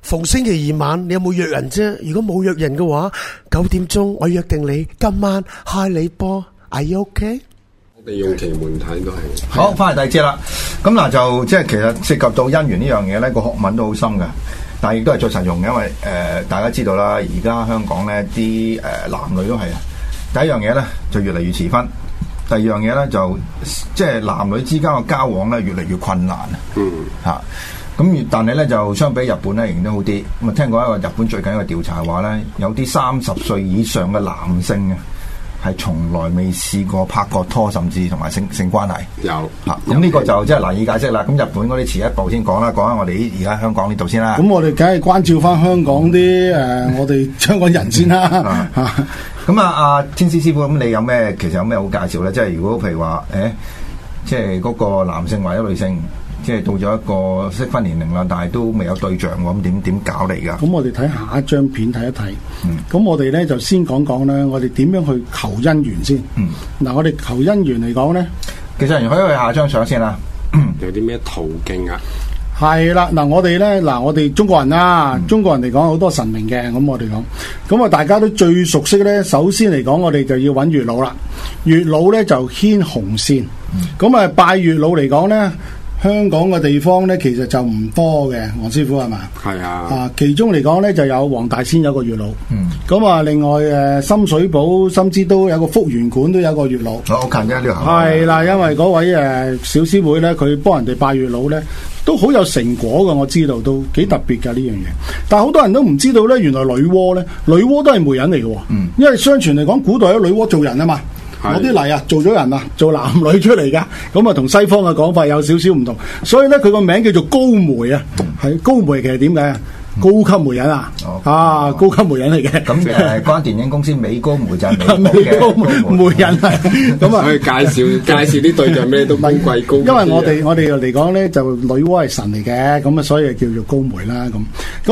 A: 逢星期二晚，你有冇約人啫？如果冇約人嘅話，九點鐘我約定你今晚開你波。Are you okay?
C: 我哋用其媒體都係好，返嚟第二節啦。
B: 咁嗱就即係其實涉及到姻緣呢樣嘢咧，個學問都好深嘅，但係亦都係最實用嘅，因為誒、呃、大家知道啦，而家香港咧啲誒男女都係啊。第一樣嘢咧就越嚟越遲婚，第二樣嘢咧就即係、就是、男女之間嘅交往咧越嚟越困難、嗯、啊。嗯，嚇咁，但係咧就相比日本咧仍然都好啲。咁、嗯、啊，聽過一個日本最近一個調查話咧，有啲三十歲以上嘅男性嘅。係從來未試過拍過拖，甚至同埋性性關係有吓，咁呢個就真係難以解釋啦。咁、嗯、日本嗰啲遲一步先講啦，講下我哋而家香港呢度先啦。咁
A: 我哋梗係關照翻香港啲誒，我哋香港人先啦，咁啊，阿天獅師傅，
B: 咁你有咩其實有咩好介紹咧？即係如果譬如話，誒、哎，即係嗰個男性或者女性。即係到咗一個適婚年齡啦，但係都未有對象咁，點點搞嚟噶？
A: 咁我哋睇下一張片睇一睇。咁、嗯、我哋咧就先講講咧，我哋點樣去求姻緣先？嗱、嗯啊，我哋求姻緣嚟講咧，
C: 其實我可以去下張相先啦。有啲咩途徑啊？
A: 係啦，嗱、啊，我哋咧，嗱、啊，我哋中國人啊，嗯、中國人嚟講好多神明嘅，咁我哋講，咁啊，大家都最熟悉咧。首先嚟講，我哋就要揾月老啦。月老咧就牽紅線，咁啊、嗯、拜月老嚟講咧。香港嘅地方咧，其實就唔多嘅，黃師傅係嘛？係啊，啊，其中嚟講咧，就有黃大仙有一個月老，哦、嗯，咁啊以，另外誒，深水埗甚至都有個福元館都有個月老，好近啫呢樣，係啦，因為嗰位誒、啊、小師妹咧，佢幫人哋拜月老咧，都好有成果嘅，我知道都幾特別噶呢樣嘢。嗯、但係好多人都唔知道咧，原來女媧咧，女媧都係媒人嚟嘅，嗯，因為相傳嚟講，古代有女媧做人啊嘛。我啲泥啊，做咗人啊，做男女出嚟㗎，咁啊同西方嘅講法有少少唔同，所以呢，佢個名叫做高梅啊，高梅其實點解？高級媒人啊！啊，高級媒人嚟
B: 嘅，咁其實係關電影公司美高梅，就係美高
A: 梅媒人啦。咁啊，去介
C: 紹介紹呢對就咩都尊貴高。因為我哋
A: 我哋嚟講咧，就女媧係神嚟嘅，咁啊，所以叫做高媒啦。咁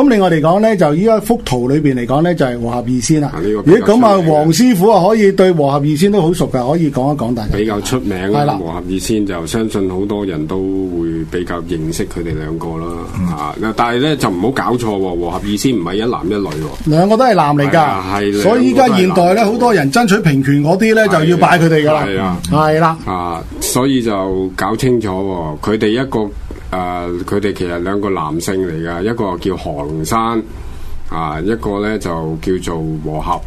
A: 咁另外嚟講咧，就依家幅圖裏邊嚟講咧，就係和合二仙啦。咦，咁啊，黃師傅啊，可以對和合二仙都好熟㗎，可以講一講。大家
C: 比較出名係啦，和合二仙就相信好多人都會比較認識佢哋兩個啦。吓，但係咧就唔好搞錯。和合意思唔係一男一女喎，
A: 兩個都係男嚟噶，啊、所以依家現代咧，好多人爭取平權嗰啲咧，啊、就要拜佢哋噶啦，
C: 係啦，啊，所以就搞清楚，佢哋一個誒，佢哋，呃、其實兩個男性嚟噶，一個叫何龍山，啊，一個咧就叫做和合。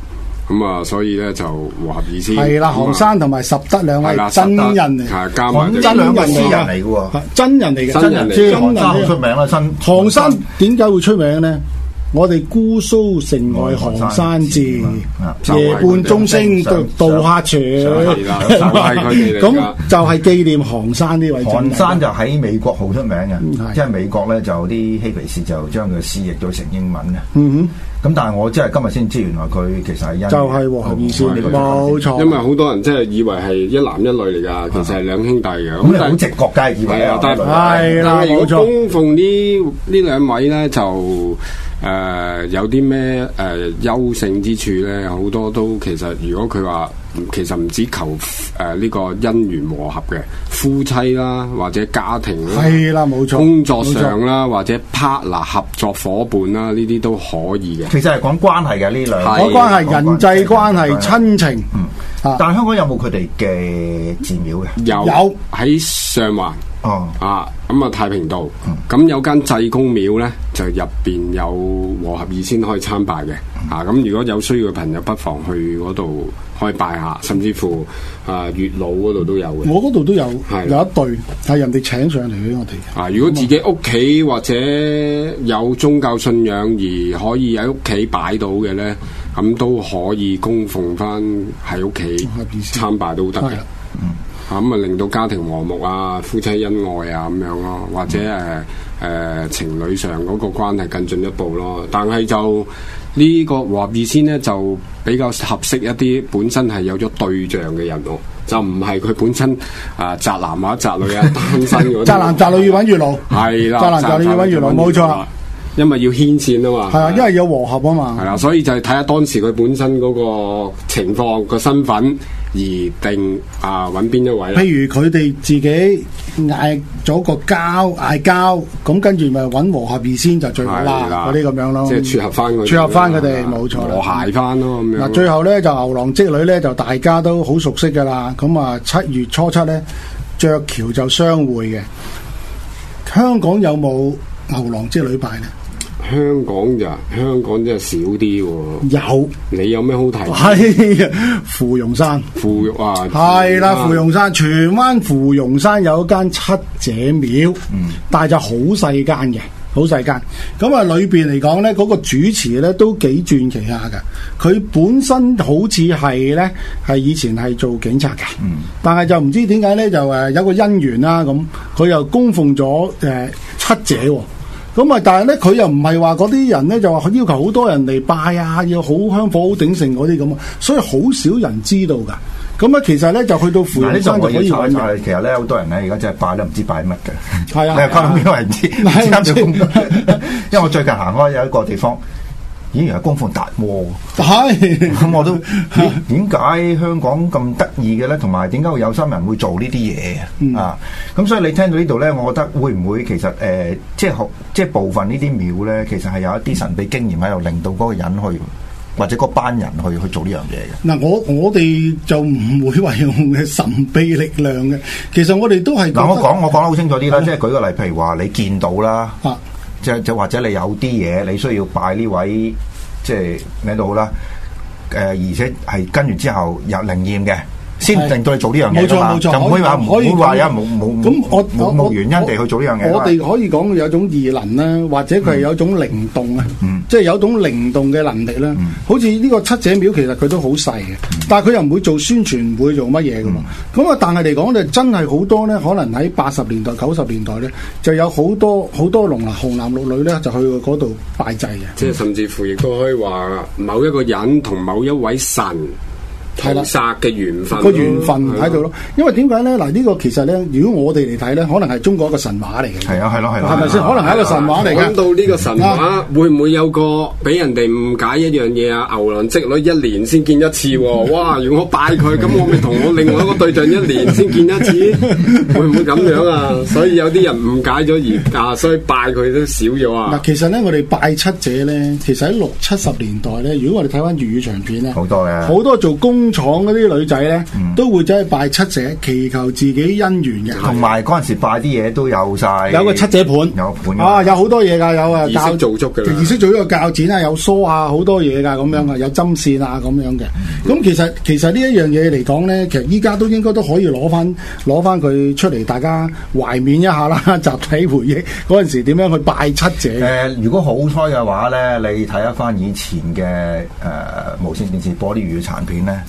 C: 咁啊，所以咧就和合意思。係啦，寒
A: 山同埋拾得兩位真人嚟，港真人嚟噶，真人嚟嘅。真人呢，寒山好出名啦，寒山。寒山點解會出名咧？我哋姑蘇城外寒山寺，
B: 夜半鐘
A: 聲到客船。咁就係紀念寒山呢位。寒山就
B: 喺美國好出名嘅，即係美國咧就啲嬉皮士就將佢詩譯咗成英文嘅。
A: 嗯哼，
B: 咁但係我即係今日先知，原來佢其實係因就係意思冇錯。因為
C: 好多人真係以為係一男一女嚟㗎，其實係兩兄弟咁，好直覺嘅以為啊。但係但係如果供奉呢呢兩位咧就。誒、呃、有啲咩誒優勝之處呢？好多都其實如果佢話。其實唔止求誒呢、呃這個姻緣和合嘅夫妻啦，或者家庭係啦，冇錯工作上啦，錯或者 partner 合作伙伴啦，呢啲都可以嘅。其實係講
A: 關係嘅呢兩，講關係、關係人際關係、親的情。
B: 嗯、但香
C: 港有冇佢哋嘅寺廟嘅？啊、有，喺、嗯、上環哦、嗯、啊咁啊太平道，咁、嗯、有間濟公廟咧，就入邊有和合二仙可以參拜嘅。啊，咁、啊、如果有需要嘅朋友不，不妨去嗰度。可以拜下，甚至乎啊、呃、月老嗰度都有嘅。我嗰
A: 度都有，的有一對係人哋請上嚟俾我哋。
C: 啊，如果自己屋企或者有宗教信仰而可以喺屋企擺到嘅咧，咁都可以供奉翻喺屋企參拜都、嗯嗯嗯、得嘅。咁啊令到家庭和睦啊，夫妻恩愛啊咁樣咯，或者誒誒、嗯呃、情侶上嗰個關係更進一步咯。但係就。個呢個和合二仙咧就比較合適一啲本身係有咗對象嘅人哦，就唔係佢本身啊宅、呃、男啊宅女啊單身 宅男
A: 宅女越搵越老，
C: 係啦，宅男宅女搵女越，越老冇錯，錯因為要牽線啊嘛。係啊，因
A: 為要和合啊嘛。係啦、啊，
C: 所以就睇下當時佢本身嗰個情況、嗰個身份。而定啊，揾邊一位？譬
A: 如佢哋自己嗌咗個交，嗌交咁，跟住咪揾和合二仙就最好啦。嗰啲咁樣咯，即係撮合
C: 翻嗰撮合翻佢哋，
A: 冇錯啦。錯和
C: 諧翻咯咁樣嗱。最
A: 後咧就牛郎織女咧就大家都好熟悉噶啦。咁啊七月初七咧，鵲橋就相會嘅。香港有冇牛郎織女拜咧？
C: 香港就香港真係少啲喎，有你有咩好睇？係
A: 芙蓉山，
C: 芙蓉啊，係啦，芙蓉
A: 山，荃灣芙蓉山有一間七姐廟，嗯，但係就好細間嘅，好細間。咁啊，裏邊嚟講咧，嗰個主持咧都幾傳奇下嘅。佢本身好似係咧，係以前係做警察嘅，嗯，但係就唔知點解咧，就誒有個姻緣啦咁，佢又供奉咗誒七姐。咁啊！但係咧，佢又唔係話嗰啲人咧，就話要求好多人嚟拜啊，要好香火、好鼎盛嗰啲咁啊，所以好少人知道噶。咁啊，其實咧就去到佛山就可以。其實
B: 咧，好多人咧，而家真係拜都唔知拜乜嘅。係啊，係 啊，因為唔知。因為我最近行開有一個地方。咦，原來供奉達喎，係咁 我都點解香港咁得意嘅咧？同埋點解會有心人會做呢啲嘢啊？咁所以你聽到呢度咧，我覺得會唔會其實誒、呃，即係即係部分呢啲廟咧，其實係有一啲神秘經驗喺度，令到嗰個人去，或者嗰班人去去做呢樣嘢
A: 嘅。嗱、嗯，我我哋就唔會話用神秘力量嘅，其實我哋都係咁、嗯。我講
B: 我講得好清楚啲啦，即係舉個例，譬如話你見到啦。就就或者你有啲嘢你需要拜呢位，即係咩都好啦，誒，而且係跟完之後有靈驗嘅。先定到去做呢樣嘢冇錯，冇錯嘛，就唔可以話唔會話有人冇冇冇冇原因地去做呢樣嘢。我哋
A: 可以講有種異能啦，或者佢係有種靈動啊，即係有種靈動嘅能力啦。好似呢個七姐廟其實佢都好細嘅，但係佢又唔會做宣傳，唔會做乜嘢嘅嘛。咁啊，但係嚟講咧，真係好多咧，可能喺八十年代、九十年代咧，就有好多好多龍男紅男綠女咧，就去嗰度拜祭嘅。即係
C: 甚至乎亦都可以話某一個人同某一位神。係啦，殺嘅緣
A: 分個緣分喺度咯。因為點解咧？嗱，呢個其實咧，如果我哋嚟睇咧，可能係中國一個神話嚟嘅。係啊，係咯，係咯，係咪先？可能係一個神話嚟嘅。諗到
C: 呢個神話，會唔會有個俾人哋誤解一樣嘢啊？牛郎織女一年先見一次喎！哇！如果我拜佢，咁我咪同我另外一個對象一年先見一次，會唔會咁樣啊？所以有啲人誤解咗而家，所以拜佢都少咗啊！嗱，
A: 其實咧，我哋拜七者咧，其實喺六七十年代咧，如果我哋睇翻粵語長片咧，好多嘅，好多做工。廠嗰啲女仔咧，都會走去拜七姐，祈求自己姻緣嘅。同埋嗰陣時拜啲嘢都有
B: 晒，有個七姐盤，有個啊，
A: 有好多嘢㗎，有啊，儀式做足嘅啦。儀式做咗個鉸剪啊，有梳啊，好多嘢㗎，咁樣啊，有針線啊，咁樣嘅。咁其實其實呢一樣嘢嚟講咧，其實依家都應該都可以攞翻攞翻佢出嚟，大家懷緬一下啦，集體回憶嗰陣時點樣去拜七姐。誒，如果
B: 好彩嘅話咧，你睇一翻以前嘅誒無線電視播啲粵語殘片咧。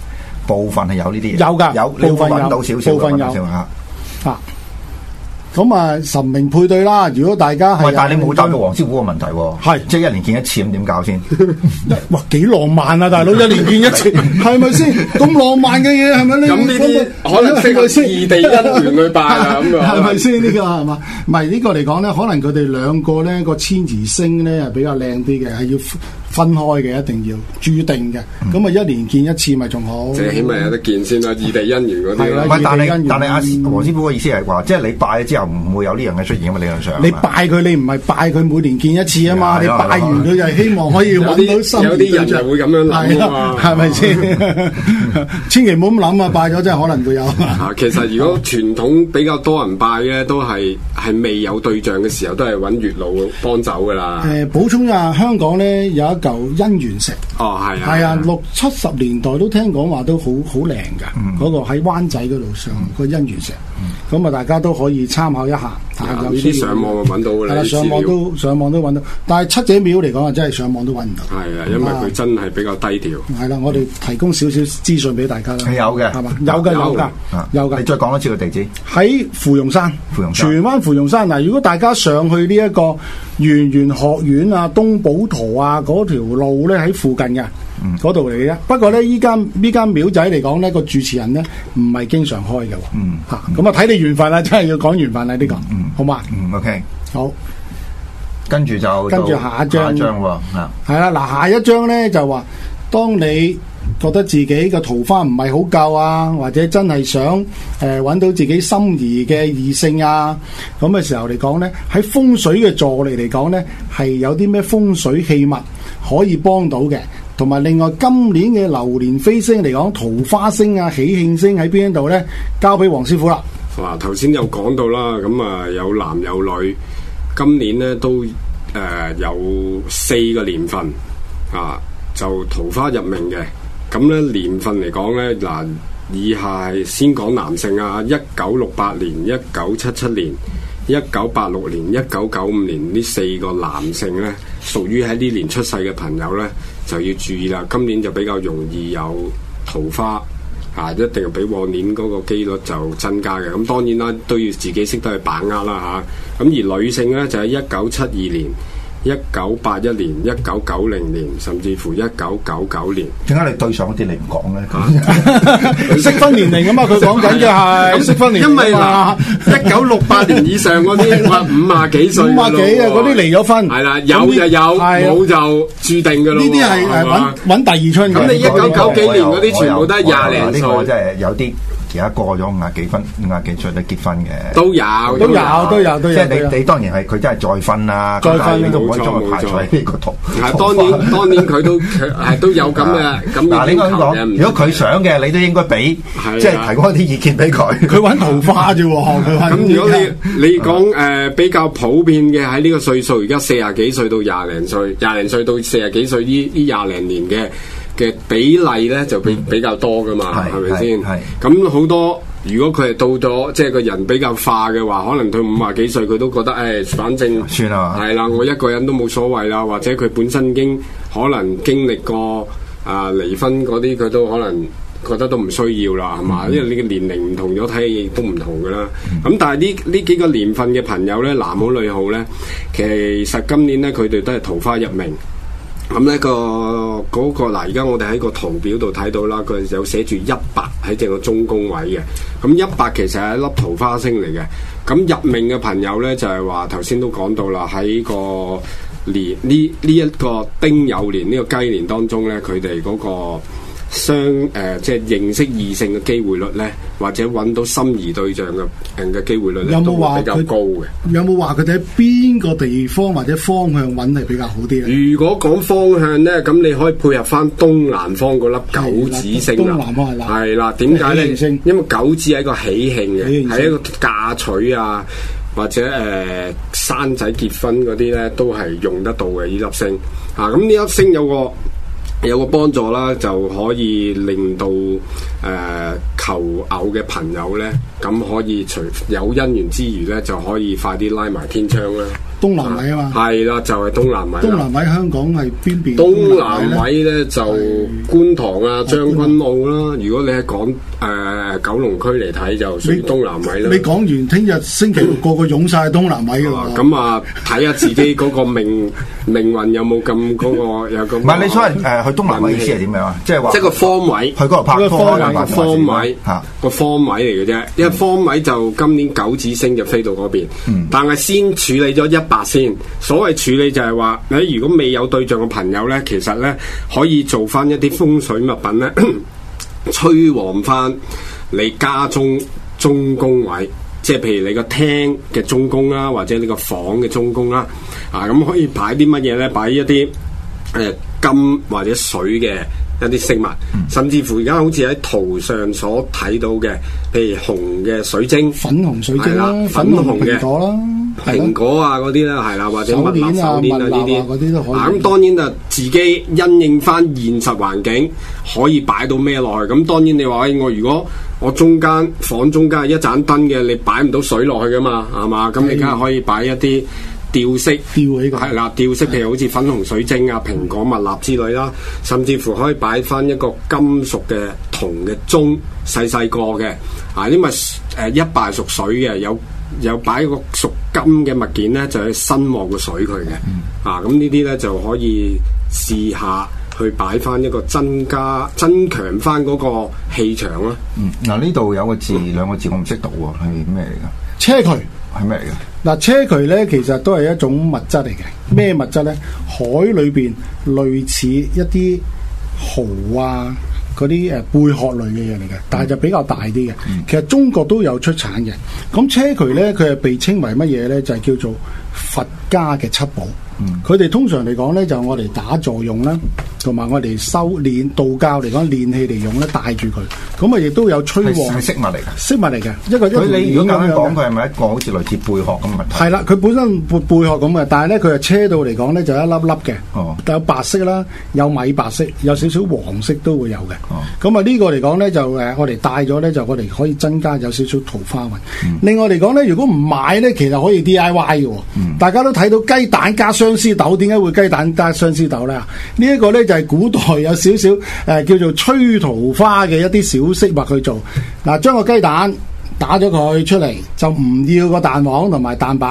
B: 部分係有呢啲嘢，有㗎，有部分有，部分有
A: 啊。咁啊，神明配對啦。如果大家係，但係你冇針到黃
B: 師傅個問題喎，係即係一年見一次咁點搞先？
A: 哇，幾浪漫啊，大佬一年見一次，係咪先？咁浪漫嘅嘢係咪呢？咁呢啲可能比較二地恩緣去拜咁嘅係咪先？呢個係嘛？唔係呢個嚟講咧，可能佢哋兩個咧個千字星咧係比較靚啲嘅，係要。分開嘅一定要注定嘅，咁啊、嗯、一年見一次咪仲好？即係起碼有
C: 得見先
B: 啦，異地姻緣嗰啲。係但係你但係阿黃師傅嘅意思係話，即係你拜咗之後唔會有呢樣嘅
A: 出現啊嘛？理論上你拜佢，你唔係拜佢每年見一次啊嘛？你拜完佢就希望可以揾到心 有啲有對象會咁樣諗係咪先？千祈唔好咁諗啊！拜咗真係可能會有啊！
C: 其實如果傳統比較多人拜嘅，都係係未有對象嘅時候，都係揾月老幫手噶啦。誒、呃，補
A: 充下香港咧有。嚿姻緣石哦，係啊，係啊，六七十年代都聽講話都好好靚嘅，嗰個喺灣仔嗰度上、嗯、個姻緣石，咁啊、嗯、大家都可以參考一下。有啲、嗯、上網就揾到，到，但係上網都上網都揾到，但係七姐廟嚟講啊，真係上網都揾唔到。
C: 係啊，因為佢真係比較低調。
A: 係啦，我哋提供少少資訊俾大家啦。佢有嘅係嘛？有嘅有㗎，有㗎。你再講一次個地址，喺芙蓉山，芙蓉山荃灣芙蓉山嗱。如果大家上去呢一個圓玄學院啊、東寶陀啊嗰條路咧，喺附近嘅。嗰度嚟嘅，不過咧，依間依間廟仔嚟講咧，個主持人咧唔係經常開嘅，吓咁、嗯嗯、啊睇你緣分啦，真係要講緣分啦呢個，嗯、好嘛嗎？嗯，OK，好，
B: 跟住就跟住下一章，
A: 係啦嗱，下一章咧就話，當你覺得自己嘅桃花唔係好夠啊，或者真係想誒揾、呃、到自己心儀嘅異性啊，咁嘅時候嚟講咧，喺風水嘅助力嚟講咧，係有啲咩風水器物可以幫到嘅。同埋另外今年嘅流年飛星嚟講，桃花星啊、喜慶星喺邊度呢？交俾黃師傅啦。
C: 嗱、啊，頭先有講到啦，咁啊有男有女，今年呢，都誒、呃、有四個年份啊，就桃花入命嘅。咁呢年份嚟講呢，嗱、啊、以下先講男性啊，一九六八年、一九七七年、一九八六年、一九九五年呢四個男性呢。屬於喺呢年出世嘅朋友呢，就要注意啦。今年就比較容易有桃花，嚇、啊，一定比往年嗰個機率就增加嘅。咁、啊、當然啦，都要自己識得去把握啦嚇。咁、啊啊、而女性呢，就喺一九七二年。一九八一年、一九九零年，甚至乎一九九九年，點解你對上嗰啲你唔講咧？吓，適婚年齡啊嘛，佢講緊嘅係，咁適婚年齡因為嗱，一九六八年以上嗰啲，五啊幾歲，五啊幾啊，嗰啲離咗婚。係啦，有就有，冇就注定噶咯。呢啲係係搵
A: 搵第二春。咁你一九九幾年嗰啲全部都係廿零歲，真係
B: 有啲。而家過咗五廿幾分，五廿幾歲都結婚嘅
A: 都有，都有，都有，都有。即
C: 係你，你
B: 當然係佢真係再婚啦。再婚你都唔好做排除。同，
C: 係當年，當年佢都係都有咁嘅。咁嗱，你應該講，如果佢想嘅，你都應該俾，即係提供
A: 一啲意見俾佢。佢揾桃花啫。咁如果你
C: 你講誒比較普遍嘅，喺呢個歲數，而家四十幾歲到廿零歲，廿零歲到四十幾歲呢呢廿零年嘅。嘅比例咧就比比較多噶嘛，係咪先？咁好吧多，如果佢係到咗即係個人比較化嘅話，可能佢五啊幾歲，佢都覺得誒、哎，反正算啦。係啦，我一個人都冇所謂啦。或者佢本身已經可能經歷過啊、呃、離婚嗰啲，佢都可能覺得都唔需要啦，係嘛、嗯？因為你嘅年齡唔同咗，睇嘢都唔同噶啦。咁、嗯嗯、但係呢呢幾個年份嘅朋友咧，男好女好咧，其實今年咧，佢哋都係桃花入命。咁呢個嗰個嗱，而家我哋喺個圖表度睇到啦，佢有寫住一百喺正個中宮位嘅。咁一百其實係一粒桃花星嚟嘅。咁入命嘅朋友咧，就係話頭先都講到啦，喺個年呢呢一個丁酉年呢個雞年當中咧，佢哋嗰個。相誒、呃，即係認識異性嘅機會率咧，或者揾到心儀對象嘅人嘅機會率咧，都有冇話比較高嘅？
A: 有冇話佢哋喺邊個地方或者方向揾係比較好啲啊？
C: 如果講方向咧，咁你可以配合翻東南方嗰粒九紫星啦。東南啊，係啦。係啦，點解咧？因為九紫係一個喜慶嘅，係一個嫁娶啊，或者誒、呃、生仔結婚嗰啲咧，都係用得到嘅呢粒星。嚇、啊，咁呢粒星有個。有個幫助啦，就可以令到誒、呃、求偶嘅朋友咧，咁可以除有姻緣之餘咧，就可以快啲拉埋天窗啦。
A: 東南位啊
C: 嘛，係啦，就係東南位。東南
A: 位香港係邊邊？東南位
C: 咧就觀塘啊，將軍澳啦。如果你係講誒九龍區嚟睇，就屬於東南位啦。你
A: 講完聽日星期六個個湧晒去東南位嘅嘛？
C: 咁啊，睇下自己嗰個命命運有冇咁嗰個有咁。唔係你所
B: 謂誒去東南位意思係點樣？即係話即係個方位，去嗰度拍拖啦，方位
C: 吓個方位嚟嘅啫。因為方位就今年九字星就飛到嗰邊，但係先處理咗一。八仙所謂處理就係話，你如果未有對象嘅朋友咧，其實咧可以做翻一啲風水物品咧，催旺翻你家中中宮位，即係譬如你個廳嘅中宮啦，或者你個房嘅中宮啦，啊咁可以擺啲乜嘢咧？擺一啲誒、呃、金或者水嘅一啲飾物，嗯、甚至乎而家好似喺圖上所睇到嘅，譬如紅嘅水晶、粉紅水晶啦、粉紅嘅果啦。蘋果啊嗰啲咧，係啦，或者蜜蠟、手鏈啊呢啲。嗱咁當然就自己因應翻現實環境，可以擺到咩落去？咁當然你話我如果我中間房中間係一盞燈嘅，你擺唔到水落去噶嘛，係嘛？咁你梗係可以擺一啲吊飾，係啦，吊飾，譬如好似粉紅水晶啊、蘋果蜜蠟之類啦，甚至乎可以擺翻一個金屬嘅銅嘅鐘，細細個嘅。啊，因為誒一白屬水嘅有。有擺個屬金嘅物件咧，就去新旺個水渠嘅，嗯、啊咁呢啲咧就可以試下去擺翻一個增加增強翻嗰個氣場啦、啊。
B: 嗯，嗱呢度有個字、嗯、兩個字我，我唔識讀喎，係咩嚟噶？硨磲？係咩嚟噶？
A: 嗱硨磲咧，其實都係一種物質嚟嘅。咩物質咧？嗯、海裏邊類似一啲蠔啊。嗰啲誒貝殼類嘅嘢嚟嘅，但係就比較大啲嘅。其實中國都有出產嘅。咁車磲咧，佢係被稱為乜嘢咧？就係叫做。佛家嘅七寶，佢哋、嗯、通常嚟講咧就我哋打坐用啦，同埋我哋修煉道教嚟講練氣嚟用咧，戴住佢，咁啊亦都有催旺。係飾物嚟嘅，飾物嚟嘅，一個一樣。佢你如果
B: 咁樣講，佢係咪一個好似類似貝殼咁
A: 嘅？係啦、嗯，佢本身貝貝殼咁嘅，但係咧佢啊車到嚟講咧就一粒粒嘅，但、哦、有白色啦，有米白色，有少少黃色都會有嘅。咁啊、哦、呢個嚟講咧就誒我哋戴咗咧就我哋可以增加有少少，少桃花運。嗯、另外嚟講咧，如果唔買咧，其實可以 D I Y 嘅、啊。大家都睇到雞蛋加相思豆，點解會雞蛋加相思豆呢？呢、這、一個呢就係、是、古代有少少誒叫做催桃花嘅一啲小飾物去做，嗱、啊、將個雞蛋。打咗佢出嚟就唔要個蛋黃同埋蛋白，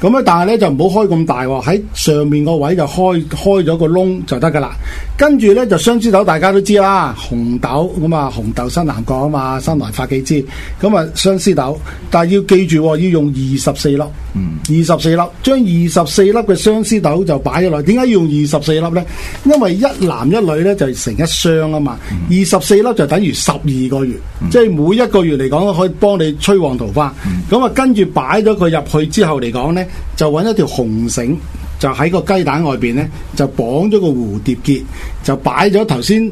A: 咁啊但係咧就唔好開咁大，喺上面個位就開開咗個窿就得噶啦。跟住咧就相思豆，大家都知啦，紅豆，咁啊紅豆生南國啊嘛，生來發幾枝，咁啊相思豆，但係要記住要用二十四粒，嗯，二十四粒，將二十四粒嘅相思豆就擺咗落。點解要用二十四粒咧？因為一男一女咧就成一雙啊嘛，二十四粒就等於十二個月，嗯、即係每一個月嚟講可以幫。我哋催旺桃花，咁啊跟住擺咗佢入去之後嚟講咧，就揾一條紅繩，就喺個雞蛋外邊咧，就綁咗個蝴蝶結，就擺咗頭先。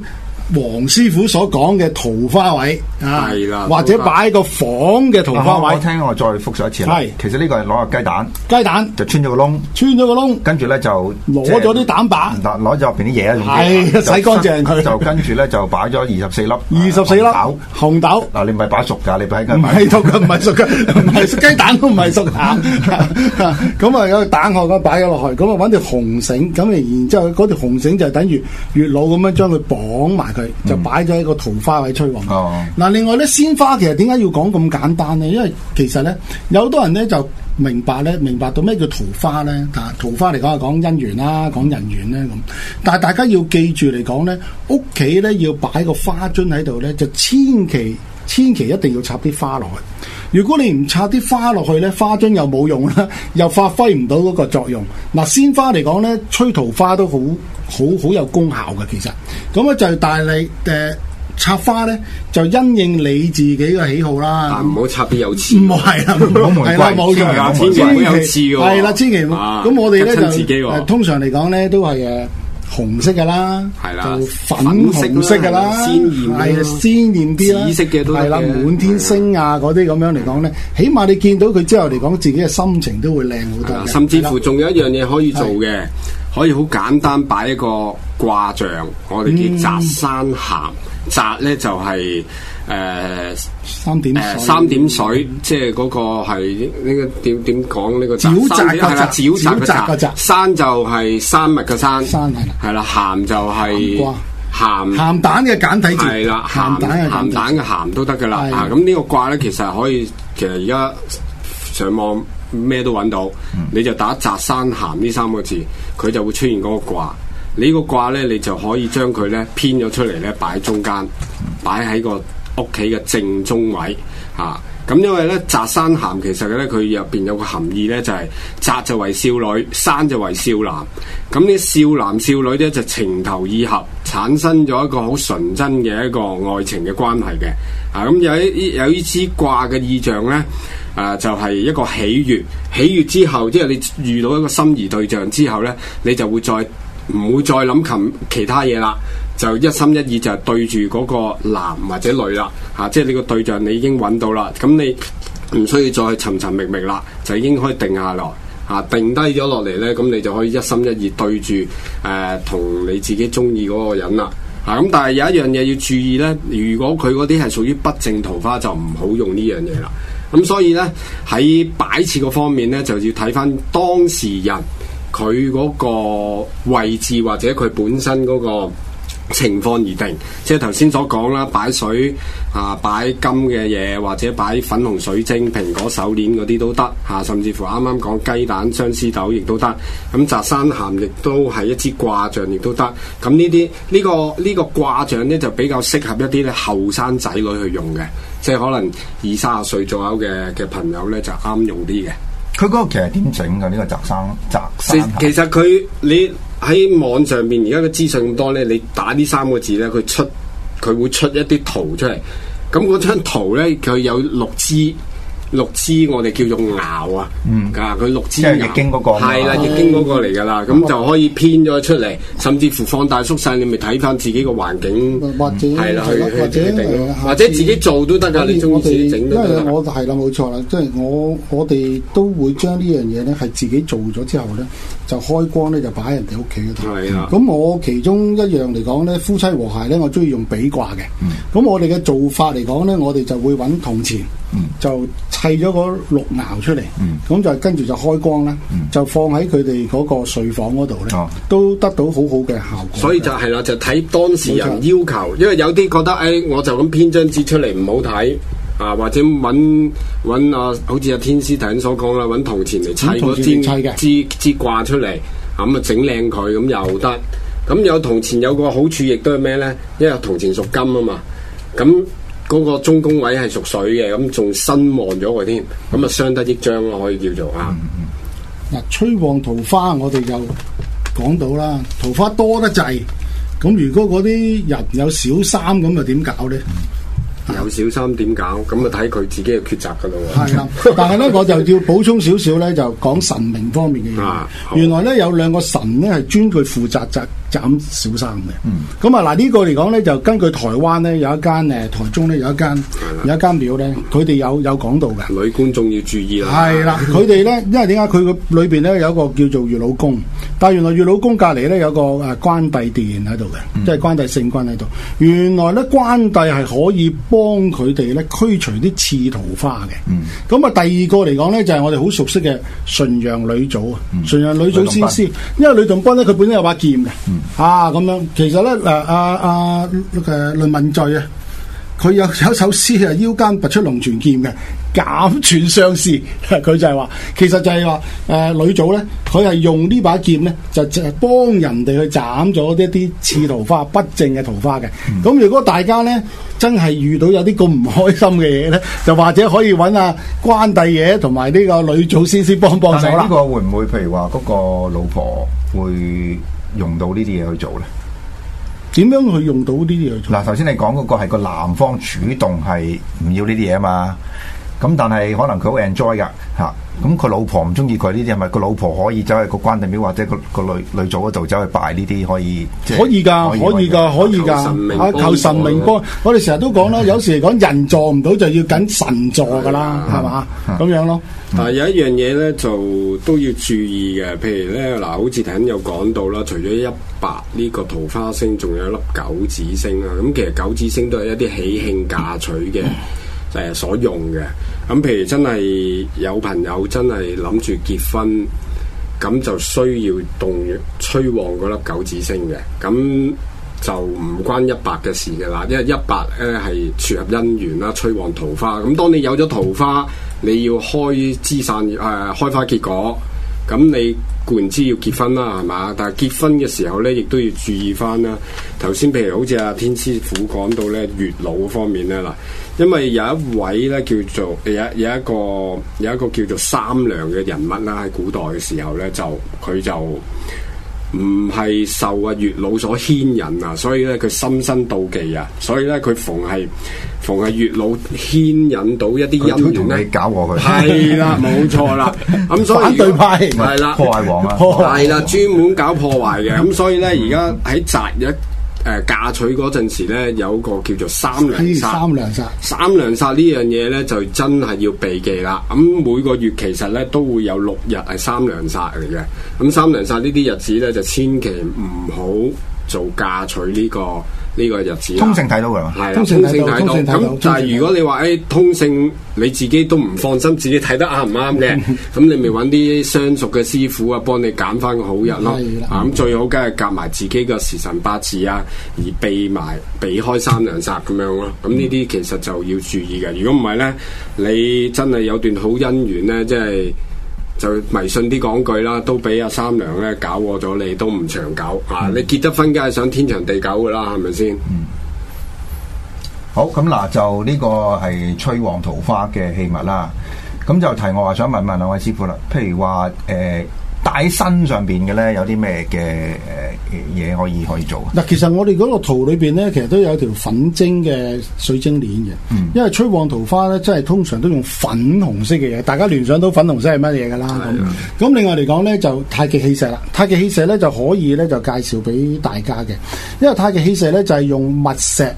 A: 黃師傅所講嘅桃花位啊，
B: 或者擺個
A: 房嘅桃花位。我
B: 聽我再復述一次啦。其實呢個係攞個雞蛋。雞蛋就穿咗個窿，穿咗個窿，跟住咧就攞咗啲蛋白，攞咗入邊啲嘢。係，洗乾淨佢，就跟住咧就擺咗二十四粒，二十四粒豆紅豆。嗱，你唔係擺熟㗎，你擺喺度唔係熟㗎，唔係熟㗎，唔係熟雞蛋都唔係熟豆。
A: 咁啊，有個蛋殼咁擺咗落去，咁啊揾條紅繩，咁然然之後嗰條紅繩就等於月老咁樣將佢綁埋佢。 就擺咗一個桃花位催運。嗱、嗯，另外咧，鮮花其實點解要講咁簡單咧？因為其實咧，有好多人咧就明白咧，明白到咩叫桃花咧。啊，桃花嚟講係講姻緣啦，講人緣咧咁。但係大家要記住嚟講咧，屋企咧要擺個花樽喺度咧，就千祈千祈一定要插啲花落去。如果你唔插啲花落去咧，花樽又冇用啦，又發揮唔到嗰個作用。嗱、啊，鮮花嚟講咧，催桃花都好好好有功效嘅，其實。咁啊，就但係你誒插花咧，就因應你自己嘅喜好啦。唔好插啲有刺。唔係怪啦，係啦怪，冇錯奇。千祈奇，千祈冇有刺喎。係啦，千祈冇。咁、啊、我哋咧、啊、就通常嚟講咧，都係嘅。紅色噶啦，就粉紅色噶啦，鮮艷係鮮艷啲啦，紫色嘅都係啦，滿天星啊嗰啲咁樣嚟講咧，起碼你見到佢之後嚟講，自己嘅心情都會靚好多。甚至乎
C: 仲有一樣嘢可以做嘅，可以好簡單擺一個掛像，我哋叫澤山咸宅咧就係。誒，
A: 三點誒，三點
C: 水，即係嗰個係呢個點點講呢個字？係啦，沼澤個澤，山就係山脈嘅山，山係啦，咸就係咸咸蛋嘅簡體字，係啦，咸蛋咸蛋嘅咸都得噶啦。咁呢個卦咧，其實可以，其實而家上網咩都揾到，你就打澤山咸呢三個字，佢就會出現嗰個卦。你呢個卦咧，你就可以將佢咧編咗出嚟咧，擺中間，擺喺個。屋企嘅正中位，吓、啊、咁因為咧澤山咸，其實咧佢入邊有個含義咧就係、是、澤就為少女，山就為少男，咁、嗯、呢少男少女咧就情投意合，產生咗一個好純真嘅一個愛情嘅關係嘅，啊咁、嗯、有啲有呢支卦嘅意象咧，啊就係、是、一個喜悦，喜悦之後即係你遇到一個心儀對象之後咧，你就會再唔會再諗其他嘢啦。就一心一意就係對住嗰個男或者女啦，吓、啊，即係你個對象你已經揾到啦，咁你唔需要再去尋尋覓覓啦，就已經可以定下嚟，吓、啊，定低咗落嚟呢。咁你就可以一心一意對住誒同你自己中意嗰個人啦，吓、啊，咁但係有一樣嘢要注意呢：如果佢嗰啲係屬於不正桃花就唔好用呢樣嘢啦，咁、啊、所以呢，喺擺設個方面呢，就要睇翻當事人佢嗰個位置或者佢本身嗰、那個。情況而定，即係頭先所講啦，擺水啊，擺金嘅嘢，或者擺粉紅水晶、蘋果手鏈嗰啲都得吓、啊，甚至乎啱啱講雞蛋、相思豆亦都得，咁澤山咸亦都係一支卦象，亦都得。咁、這個這個這個、呢啲呢個呢個卦象咧，就比較適合一啲咧後生仔女去用嘅，即係可能二三十歲左右嘅嘅朋友咧就啱用啲嘅。
B: 佢嗰個其實點整噶呢、這個澤山澤山咸其
C: 實佢你。喺網上面，而家嘅資訊咁多咧，你打呢三個字咧，佢出佢會出一啲圖出嚟。咁嗰張圖咧，佢有六支，六支我哋叫做爻啊，啊，佢六支即係易經嗰個。係啦，易經嗰個嚟噶啦，咁就可以編咗出嚟，甚至乎放大縮細，你咪睇翻自己個環境。或者或者自己做都得噶，你中意自己整都得。因為我
A: 係啦，冇錯啦，即係我我哋都會將呢樣嘢咧，係自己做咗之後咧，就開光咧，就擺喺人哋屋企嗰度。咁、啊嗯、我其中一樣嚟講咧，夫妻和諧咧，我中意用比卦嘅。咁、嗯、我哋嘅做法嚟講咧，我哋就會揾銅錢，嗯、就砌咗個六爻出嚟。咁就、嗯、跟住就開光啦，嗯、就放喺佢哋嗰個睡房嗰度咧，啊、都得到好好嘅效果。所
C: 以就係啦，就睇當事人要求，冇錯，因為有啲覺得，哎，我就咁編張紙出嚟唔好睇。啊，或者揾揾啊，好似阿天師頭先所講啦，揾銅錢嚟砌嗰支支支卦出嚟，咁啊整靚佢咁又得。咁有銅錢有個好處，亦都係咩咧？因為銅錢屬金啊嘛，咁嗰個中宮位係屬水嘅，咁仲生旺咗嘅添，咁啊相得益彰咯，可以叫做啊。
A: 嗱、嗯，催旺桃花我哋又講到啦，桃花多得滯。咁如果嗰啲人有小三，咁啊點搞咧？
C: 有小三點搞，咁就睇佢自己嘅抉擇噶咯。係啊
A: 但係咧我就要補充少少咧，就講神明方面嘅嘢。原來咧有兩個神咧係專佢負責責。責斬小三嘅，咁啊嗱，呢個嚟講咧，就根據台灣咧有一間誒，台中咧有一間有一間廟咧，佢哋有有講到嘅。女觀眾要注意啦，係啦，佢哋咧，因為點解佢嘅裏邊咧有一個叫做月老公，但係原來月老公隔籬咧有個誒關帝殿喺度嘅，即係關帝聖君喺度。原來咧關帝係可以幫佢哋咧驅除啲刺桃花嘅。咁啊，第二個嚟講咧就係我哋好熟悉嘅純陽呂祖啊，純陽呂祖先師，因為呂洞賓咧佢本身有把劍嘅。啊，咁樣其實咧，嗱啊，啊，誒，文俊啊，佢有有首詩啊，腰間拔出龍泉劍嘅，斬除相思，佢就係話，其實就係話，誒、呃，呂祖咧，佢係用把劍呢把劍咧，就就是、幫人哋去斬咗一啲似桃花不正嘅桃花嘅。咁、嗯、如果大家咧真係遇到有啲咁唔開心嘅嘢咧，就或者可以搵阿、啊、關帝爺同埋呢個呂祖先先幫幫手啦。呢個
B: 會唔會譬如話嗰個老婆會？用到呢啲嘢去做咧，點樣去用到呢啲嘢去做？嗱，頭先你講嗰個係個男方主動係唔要呢啲嘢啊嘛。咁但係可能佢好 enjoy 噶吓，咁佢老婆唔中意佢呢啲，係咪？個老婆可以走去個關帝廟或者個個女女灶嗰度走去拜呢啲可以？可以噶，
A: 可以噶，可以噶，求神明幫。我哋成日都講啦，有時嚟講人助唔到就要緊神助噶啦，係嘛，咁樣咯。
C: 但係有一樣嘢咧，就都要注意嘅。譬如咧，嗱，好似頭先有講到啦，除咗一白呢個桃花星，仲有一粒九子星啊。咁其實九子星都係一啲喜慶嫁娶嘅。誒所用嘅，咁譬如真係有朋友真係諗住結婚，咁就需要動催旺嗰粒九紫星嘅，咁就唔關一白嘅事嘅啦，因為一白咧係撮合姻緣啦，催旺桃花，咁當你有咗桃花，你要開枝散誒、呃、開花結果。咁你固然之要結婚啦，係嘛？但係結婚嘅時候咧，亦都要注意翻啦。頭先譬如好似阿天師傅講到咧，月老方面咧嗱，因為有一位咧叫做有有一個有一個叫做三娘嘅人物啦，喺古代嘅時候咧，就佢就唔係受啊月老所牽引啊，所以咧佢心生妒忌啊，所以咧佢逢係。逢係月老牽引到一啲姻緣搞我。咧的，係啦， 冇錯啦。咁所以反對派係啦，的破壞王啦，係啦，專門搞破壞嘅。咁、嗯、所以咧，而家喺擲日誒嫁娶嗰陣時咧，有個叫做三娘煞，三娘煞，三娘煞呢樣嘢咧，就真係要避忌啦。咁每個月其實咧都會有六日係三娘煞嚟嘅。咁三娘煞呢啲日子咧，就千祈唔好做嫁娶呢、這個。呢個日子通勝睇到佢係嘛？係的通勝睇到，咁那但係如果你話，誒通勝，哎、你自己都唔放心，嗯、自己睇得啱唔啱嘅，咁、嗯、你咪搵啲相熟嘅師傅啊，幫你揀翻個好人咯。啊、嗯，咁、嗯、最好梗係夾埋自己個時辰八字啊，而避埋避開三兩煞咁樣咯。咁呢啲其實就要注意嘅。如果唔係咧，你真係有段好姻緣咧，即係。就迷信啲講句啦，都俾阿三娘咧搞過咗你，都唔長久、嗯、啊！你結得婚，梗係想天長地久噶啦，係咪先？
B: 好，咁嗱，就呢個係催旺桃花嘅器物啦。咁就提我話想問問兩位師傅啦。譬如話誒、呃戴身上邊嘅咧，有啲咩嘅誒嘢可以可以做
A: 啊？嗱，其實我哋嗰個圖裏邊咧，其實都有條粉晶嘅水晶鏈嘅，嗯、因為吹旺桃花咧，即係通常都用粉紅色嘅嘢，大家聯想到粉紅色係乜嘢噶啦咁。咁另外嚟講咧，就太極氣石啦，太極氣石咧就可以咧就介紹俾大家嘅，因為太極氣石咧就係、是、用密石。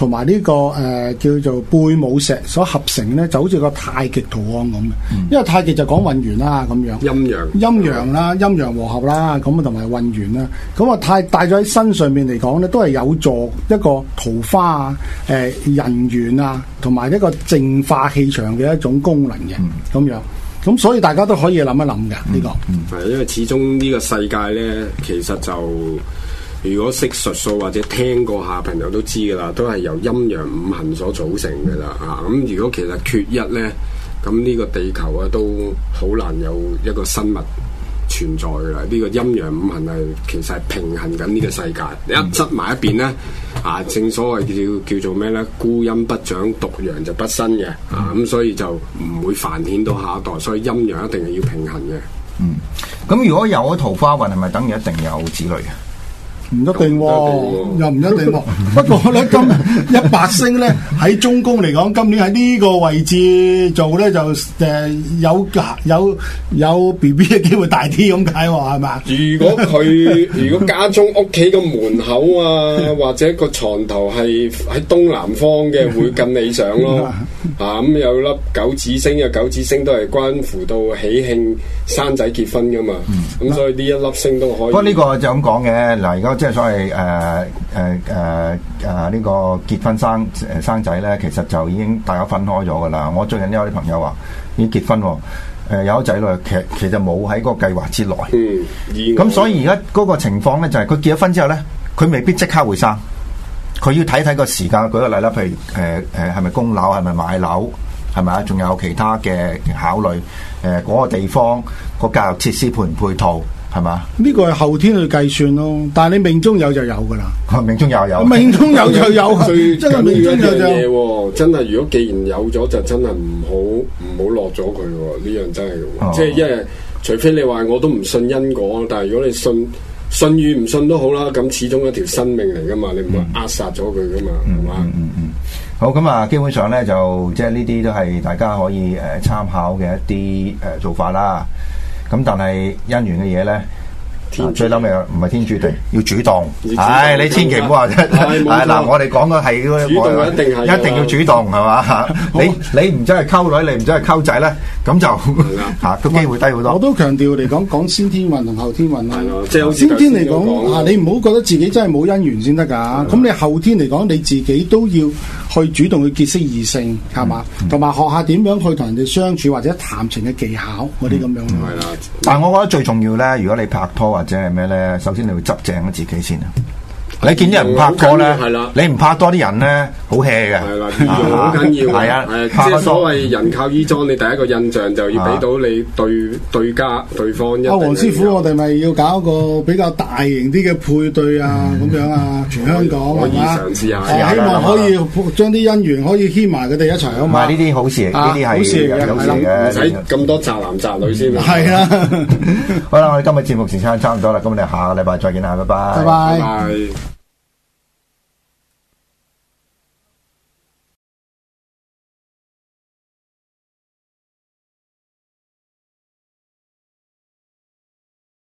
A: 同埋呢個誒、呃、叫做貝母石所合成咧，就好似個太極圖案咁嘅，嗯、因為太極就講運元啦咁樣，陰陽陰陽啦，嗯、陰陽和合啦，咁啊同埋運元啦，咁啊太帶咗喺身上面嚟講咧，都係有助一個桃花啊、誒、呃、人緣啊，同埋一個淨化氣場嘅一種功能嘅，咁、嗯、樣。咁所以大家都可以諗一諗嘅呢個。
C: 係、嗯嗯、因為始終呢個世界咧，其實就～如果識術數或者聽過下，朋友都知噶啦，都係由陰陽五行所組成噶啦啊！咁如果其實缺一呢，咁呢個地球啊都好難有一個生物存在噶啦。呢、這個陰陽五行係其實係平衡緊呢個世界，你一側埋一邊呢，啊！正所謂叫叫做咩呢？孤陰不長，獨陽就不生嘅啊！咁、啊、所以就唔會繁衍到下一代，所以陰陽一定係要平衡嘅。嗯，咁如果有桃花運，係咪等於一定有子女啊？
A: 唔一定，又唔一定。不過咧，今日一白星咧，喺中宮嚟講，今年喺呢個位置做咧，就誒有有有 B B 嘅機會大啲咁解，係嘛？
C: 如果佢如果家中屋企個門口啊，或者個床頭係喺東南方嘅，會更理想咯。啊，咁有粒九紫星啊，九紫星都係關乎到喜慶。生仔結婚噶嘛？咁、嗯、所
B: 以呢一粒星都可以。不過呢個就咁講嘅嗱，而家即係所謂誒誒誒誒呢個結婚生生仔咧，其實就已經大家分開咗噶啦。我最近有啲朋友話已經結婚，誒、呃、有仔女，其其實冇喺嗰個計劃之內。
C: 咁、嗯、所以而
B: 家嗰個情況咧，就係、是、佢結咗婚之後咧，佢未必即刻會生，佢要睇睇個時間。舉個例啦，譬如誒誒，係、呃、咪、呃、供樓，係咪買樓？係嘛？仲有其他嘅考慮？誒、呃，嗰、嗰個地方、個教育
C: 設施配唔配套係嘛？
A: 呢個係後天去計算咯，但係你命中有就有噶啦。命 中有有，命中有就有。最真係，如果呢樣
C: 嘢，真係如果既然有咗，就真係唔好唔好落咗佢嘅。呢樣真係，哦、即係因為除非你話我都唔信因果，但係如果你信信與唔信都好啦，咁始終一條生命嚟，噶嘛，你唔好扼殺咗佢噶嘛，係嘛、嗯嗯？嗯嗯。
B: 好，咁啊，基本上咧就即係呢啲都係大家可以誒、呃、參考嘅一啲誒、呃、做法啦。咁但係姻緣嘅嘢咧～最諗嘅唔係天注定，要主動。唉，你千祈唔好話，唉嗱，我哋講嘅係，一定要主動係嘛？你你唔真係溝女，你唔真係溝仔咧，咁就吓個機
A: 會低好多。我都強調嚟講，講先天運同後天運啊。就先天嚟講，啊，你唔好覺得自己真係冇姻緣先得噶。咁你後天嚟講，你自己都要去主動去結識異性，係嘛？同埋學下點樣去同人哋相處或者談情嘅技巧嗰啲咁樣。係啦，但
B: 係我覺得最重要咧，如果你拍拖啊。或者係咩咧？首先你會執正咗自己先。你見啲人唔拍拖咧，
C: 你唔拍拖啲人咧，好 hea 嘅。係啦，好緊要。係啊，即係所謂人靠衣裝，你第一個印象就要俾到你對對家、對
A: 方。阿黃師傅，我哋咪要搞一個比較大型啲嘅配對啊，咁樣啊，全香港係嘛？嘗試下，希望可以將啲姻緣可以牽埋佢哋一齊啊嘛。唔，呢啲好事，呢啲好事嚟，唔使
C: 咁多宅男宅女先。係啊。
B: 好啦，我哋今日節目時間差唔多啦，咁我哋下個禮拜再見啦，拜拜。拜拜。